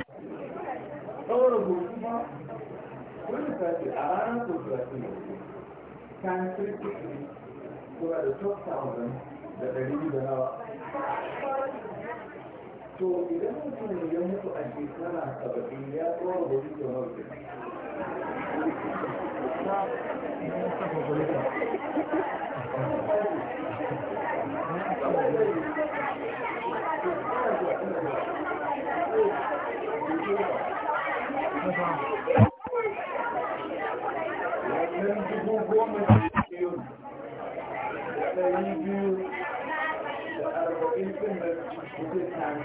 a kan wani sati a ranar kusurati ne kan kirkiri kuma da 12,000 da ɗari da nawa to idan mutum ya mutu a shekara saba'in ya tsoro da wuce mafi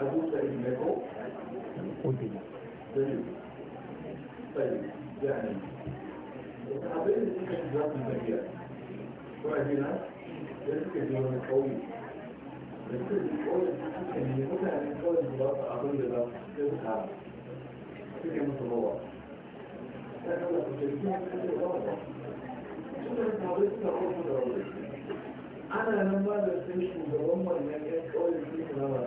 أبو سعيد لكم دليل طيب يعني الصحابين اللي في حجرات المجال وعدنا ذلك اليوم القوي ذلك القول اللي يكون عن القول الضغط أقول لك تبقى في متضوع لكن لو تشركين في الضغط شكرا الصحابين تقول متضوع أنا لما بستمش مدوما لأن القول اللي فيه كلامة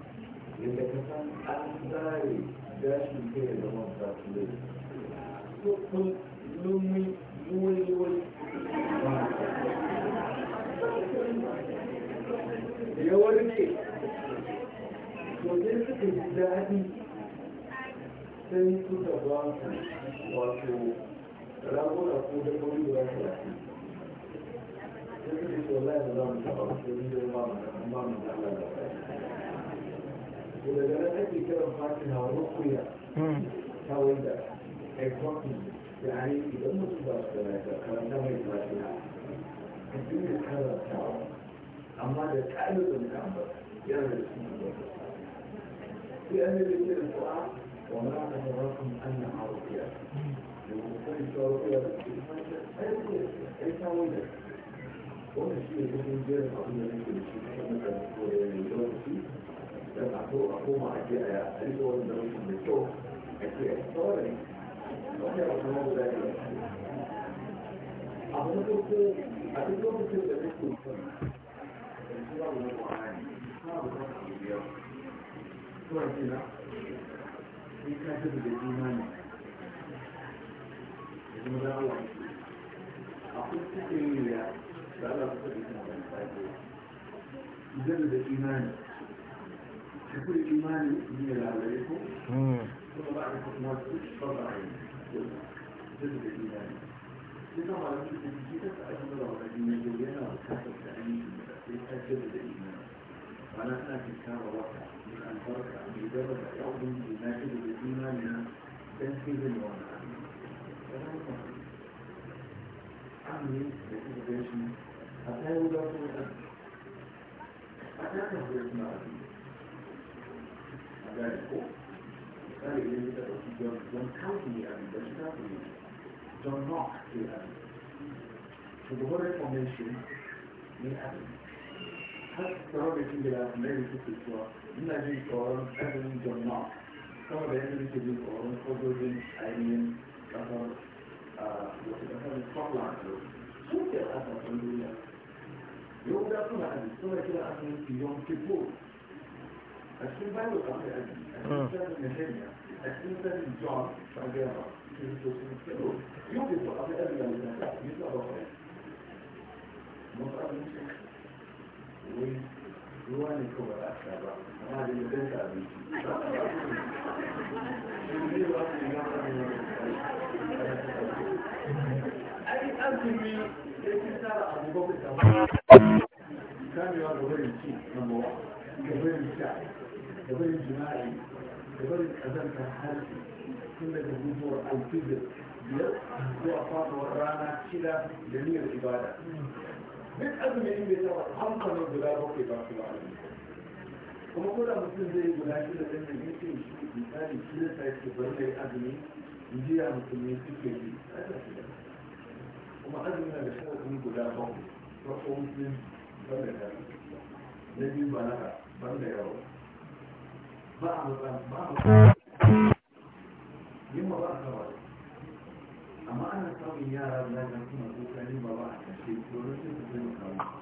yadda ka san an tsare gashin kai da zama fasilai tukun lumi yuwai ya warke sosai suka ji daɗi sai suka ba su wato raguna ko da kawai da wasu yaƙi sai suka yi wallahi ba za mu taɓa su da ba mu da Allah da daga nan ake kiran fatina wa rukuya hmm. ta wanda a kwafi da a yi idan mutum ba su da lafiya karanta mai fatina ka dinga karantawa amma da ƙalibin nan ba yana da su da ba sai an yi da kuwa wa ma ta tarakun an na harukiya da mutum ta rukuya da ke a yi ta wanda wanda shi ne kuma jerin abin da nake da shi kuma da koyar da lokaci kan a so a koma a ce a rika wani da mutum mai kyau a ce a tsawon wanda ba kuma guda ne abu na kuma a duk lokacin da nake son yanzu za mu yi abu biyar kuma kina in ka ji da imani da kuma da Allah akwai cikin yi da Allah suka bi kuma da لكل إيمان من عليكم ثم بعد ما تشفر عين جزء الإيمان لطبعا إيه في تسأل الله الذين يجولينا والكافر تعيش جزء الإيمان ونحن في الكار وقع من أن ترك أن يجرب يعود بما جزء الإيمان تنفيذ ومعنى عمي يجب أن يجب أن يجب أن يجب religiosa John John Knox So the whole Reformation may happen. Has corroborated that many people in Nigeria call President John Knox. Some of the enemies to be called Cobblin, Iranian, Catholic, Catholic Scotland. So there are some familiar. The old African, so I can ask him beyond people. I still buy with I still buy with as infants in John, my grandma, because it was in the room. You did what other everyone was like, you saw about it. Most other people, we ruwa ne ko ba za ta ba, ba ta da barin ƙazantar har tun daga guguwar alfijir biyar zuwa faɗuwar rana shida da niyyar ibada duk azumi in bai taɓa hankalin guda bakwai ba su ba kuma kuna mutum zai yi guda shida ɗin da yake shi misali shi da sa yake bari da yi azumi jiya musulmi suke yi kuma azumi na da sharadin guda bakwai farko musulmi ban da na biyu ba na ban da yawa yamma ba a kawai amma ana samun yara da ya suna kokarin ba ba a kashe domin sun su taimaka mu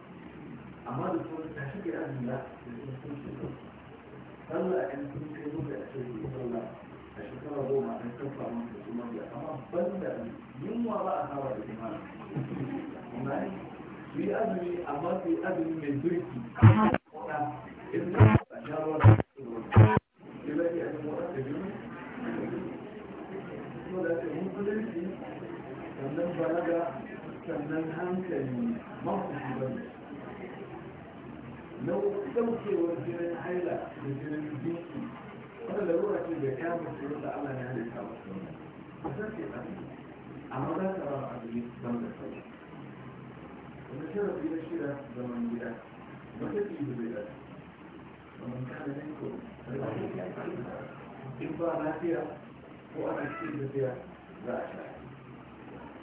amma da kuma tashi ga yaran da da sun sun shi sallah in sun kai muka a ce su sallah a shekara goma an san samun da su mabiya amma ban Yin wa ba a kawai da kuma amma ne su yi azumi amma su yi azumi mai zurfi in ba a jawo sannan hankali mafi bane na daukewar jinin haila da jinin jinki wanda larura ce da ya mutu wanda Allah ya halitta wa a san ke tsari amma za ta rawa azumi don da sauki wanda sharafi na shira zaman gida wata ce da bai dace zaman kada ne ko in ba lafiya ko ana cikin tafiya za a sha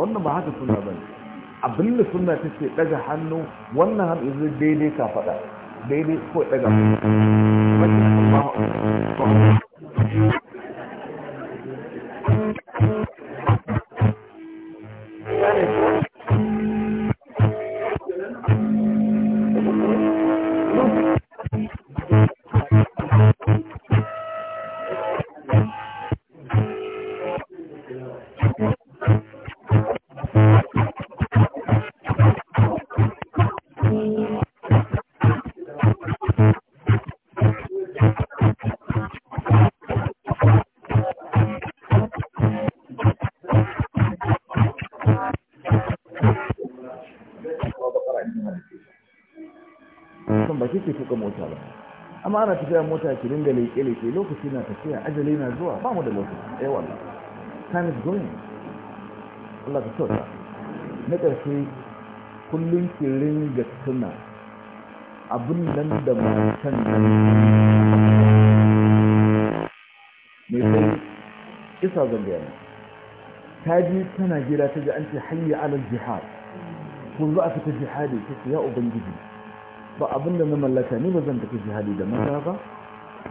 wannan ba haka suna bane abin da suna ta ce daga hannu wannan har izu daidai ka faɗa daidai ko daga hannu tafiya mota ki dinga leƙe-leƙe lokaci na tafiya ajali na zuwa ba mu da lokaci eh wallah time is going Allah ka na ƙarshe kullum ki ringa tuna Abun nan da matan nan mai sai isa zangaya ta ji tana gida ta ji an ce hayya alal jihad kun za a fita jihadi ta ya ubangiji ba abinda na mallaka ni ba zan tafi jihadi da mata ba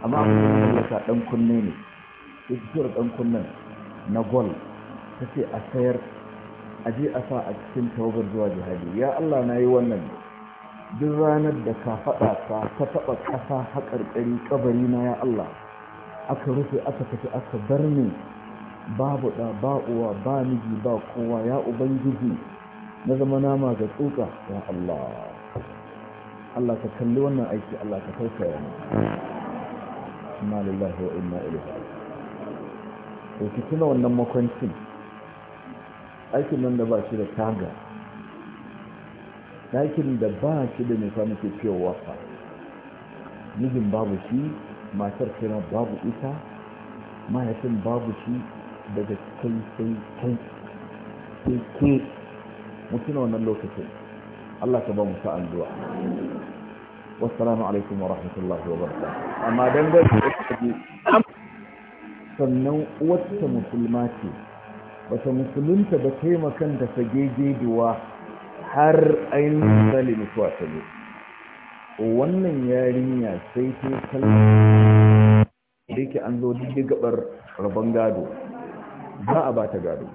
amma abin da na mallaka dan kunne ne ya fito dan kunnen na gol ta ce a sayar a je a sa a cikin tawagar zuwa jihadi ya Allah na yi wannan duk ranar da ka faɗa ta ta taɓa ƙasa haƙarƙari ƙabari na ya Allah aka rufe aka tafi aka bar ni babu da ba uwa ba miji ba kowa ya ubangiji na zama nama ga tsuka. ya Allah Allah ka kalli wannan aiki Allah ka tausaya mu inna lillahi wa inna ilaihi to ki tuna wannan makwancin aikin nan da ba shi da taga ɗakin da ba shi da nisa muke cewa wafa mijin babu shi matar kira babu ita mahaifin babu shi daga kai sai kai sai ke mutuna wannan lokacin Allah ka ba mu sa'an zuwa wassalamu alaikum wa rahmatullahi wa barakatuh amma dan gaji sannan wata musulma ce bata musulunta ba taimakan da ta gegediwa har ainihin zalimi zuwa ta wannan yarinya sai ta kalmar da yake an zo duk gabar rabon gado ba a ba ta gado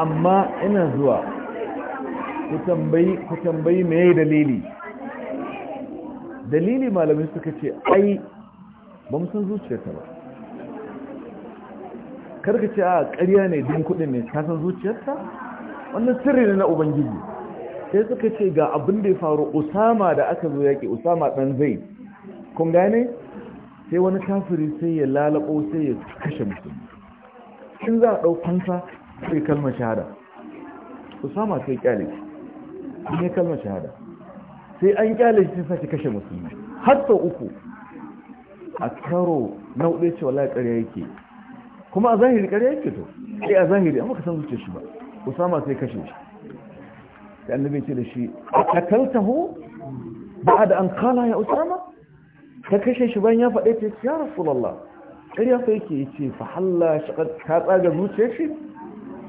amma ina zuwa ku tambayi ku tambayi dalili dalili malamai suka ce ai ba mu san zuciyarta ba karka ce a ƙarya ne din kuɗin ne ka san zuciyarta wannan sirri ne na ubangiji sai suka ce ga abin da ya faru usama da aka zo yaƙi usama ɗan zai kun gane sai wani kafiri sai ya lalaɓo sai ya kashe mutum in za a ɗau fansa sai kalmar shahada usama sai kyale shi ne kalmar shahada sai an kyale shi sake kashe musulmi har sau uku a karo na hudu ce wallahi ƙarya yake kuma a zahiri ƙarya yake to sai eh, a zahiri amma ka san zuciyar shi ba usama sai kashe shi sai annabi ce da shi qataltahu da an qala ya usama ka kashe shi bayan ya faɗe ce ya rasulullah ƙarya sai yake yace fa halla shaqat ka tsaga zuciyar shi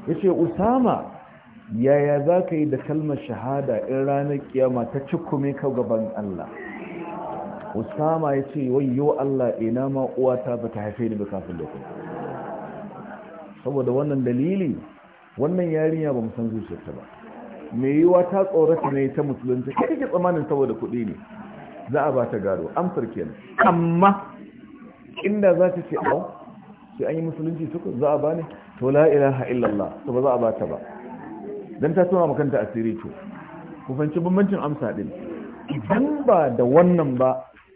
Ya ce usama yaya za ka yi da kalmar shahada in ranar kiyama ta cikume ka gaban Allah usama ya ce wayo Allah ina ma uwata ba ta haife ni ba kafin ku? saboda wannan dalili wannan yarinya ba san zuciyarta ba me yiwa ta tsorata ne ta musulunci kai kake tsamanin saboda kuɗi ne za a ba ta gado amsar kenan amma inda za ta ce au sai an yi musulunci suku, za a ba ne to la ilaha illallah to ba za a ba ta ba dan ta tona makanta asiri to ku fanci bambancin amsa din idan ba da wannan ba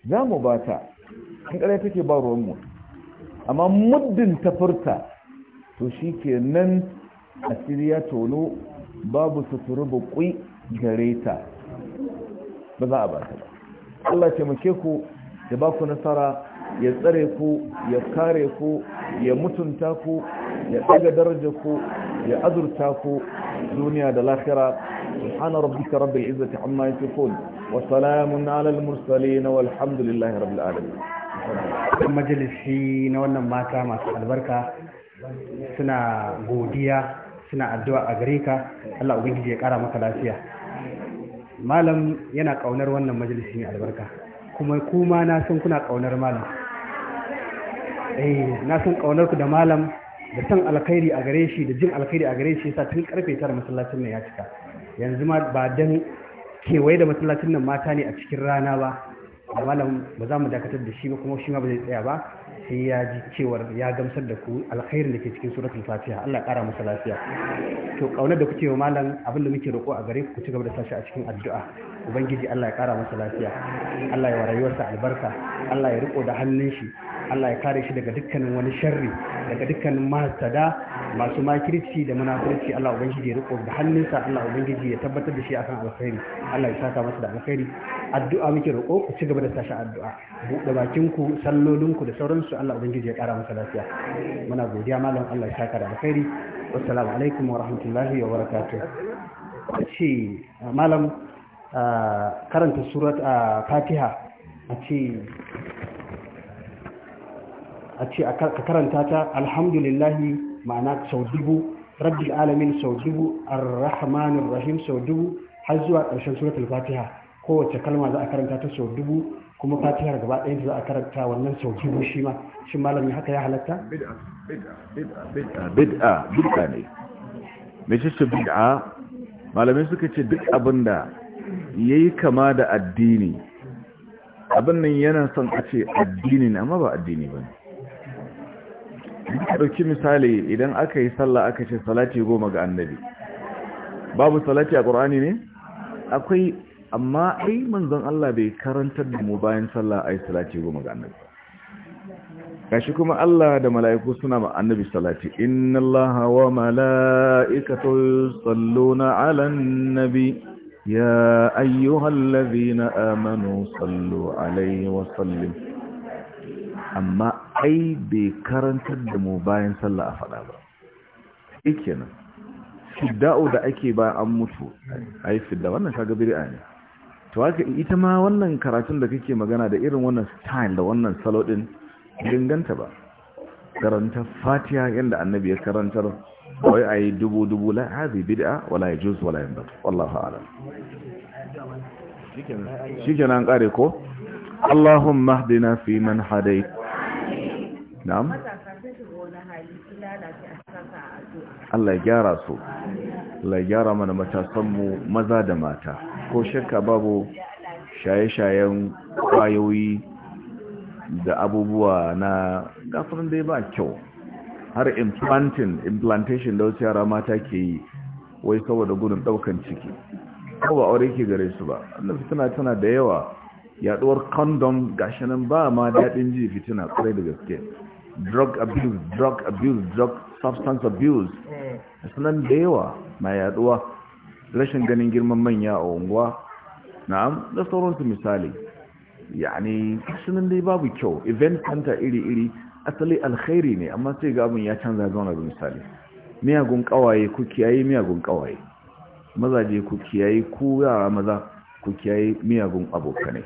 za mu ba ta in ƙarai take ba mu amma muddin ta furta to shi ke nan asiri ya tono babu suturu bukwi gare ta ba za a ba ta ba Allah taimake ku ya ba ku nasara ya tsare ku ya kare ku ya mutunta ku ya ɗaga daraja ku ya azurta ku duniya da lahira subhana rabbika rabbil izzati amma yasifun wa salamun ala al mursalin majalisi na wannan mata masu albarka suna godiya suna addu'a a gare ka Allah ubangiji ya kara maka lafiya malam yana kaunar wannan majalisi ne albarka kuma kuma na san kuna kaunar malam eh na san kaunar ku da malam da san alkhairi a gare shi da jin alkhairi a gare shi yasa tun karfe tara masallacin nan ya cika yanzu ma ba dan kewaye da masallacin nan mata ne a cikin rana ba malam ba za mu dakatar da shi ba kuma shi ma ba zai tsaya ba sai ya ji cewar ya gamsar da ku alkhairin da ke cikin suratul fatiha Allah ya kara masa lafiya to kaunar da kuke wa malam abinda muke roƙo a gare ku ku ci gaba da sashi a cikin addu'a ubangiji Allah ya kara masa lafiya Allah ya wa rayuwarsa albarka Allah ya riko da hannun shi Allah ya kare shi daga dukkanin wani sharri daga dukkanin masada masu makirci da munafurci Allah ubangiji ya riko da hannunsa Allah ubangiji ya tabbatar da shi akan alkhairi Allah ya saka masa da alkhairi addu'a muke roƙo ku ci gaba da tashi addu'a buɗe bakin ku sallolin ku da sauransu Allah ubangiji ya kara masa lafiya muna godiya malam Allah ya saka da alkhairi assalamu alaikum wa rahmatullahi wa barakatuh ce malam ah, karanta surat ah, fatiha a ce a ce ka karanta ta alhamdulillahi ma'ana sau dubu rabbi alamin sau dubu arrahmanir rahim sau dubu har zuwa ƙarshen suratul fatiha kowace kalma za a karanta ta sau dubu kuma fatihar gaba ɗayan za a karanta wannan sau dubu shi ma shi malami haka ya halatta bid'a bid'a bid'a ne me ce bid'a malamai suka ce duk abinda yi kama da addini abin nan yana son a ce addini ne amma ba addini ba ne. ka ɗauki misali idan aka yi sallah aka ce salati goma ga annabi babu salati a ƙorani ne akwai amma ai manzon Allah bai karantar da mu bayan sallah ai salati goma ga annabi gashi kuma Allah da mala'iku suna ma annabi salati inna allaha wa mala'ikatahu salluna 'alan nabi ya na amanu sallu 'alaihi wa sallim amma ai bai karantar da mu bayan sallah a faɗa ba yake nan fidda'u da ake bayan an mutu ai fidda wannan kaga bir'a ne to haka ita ma wannan karatun da kake magana da irin wannan style da wannan salo din dinganta ba karanta fatiha yanda annabi ya karantar wai ayi dubu dubu la hazi bid'a wala yajuz wala yanbat wallahu a'lam shikenan an kare ko Allahumma hadina fi man هديت na'am Allah ya gyara su Allah ya gyara mana matasanmu maza da mata ko shakka babu shaye-shayen kwayoyi da abubuwa na gafirin da ba kyau har implanting implantation da wasu yara mata ke yi wai saboda gudun daukan ciki ko ba aure ke gare su ba na fitina tana da yawa yaɗuwar condom gashi nan ba ma daɗin ji fitina kwarai da gaske drug abuse drug abuse drug substance abuse eh. sanan da yawa mai yaduwa rashin ganin girman manya a unguwa na'am da sauransu misali yani sunan dai babu kyau event center iri-iri asali alkhairi ne amma sai ga abin ya canza zauna da misali miyagun kawaye ku kiyaye miyagun kawaye mazaje ku kiyaye ku yara maza ku kiyaye miyagun abokanai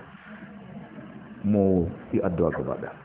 mu yi addu'a gaba daya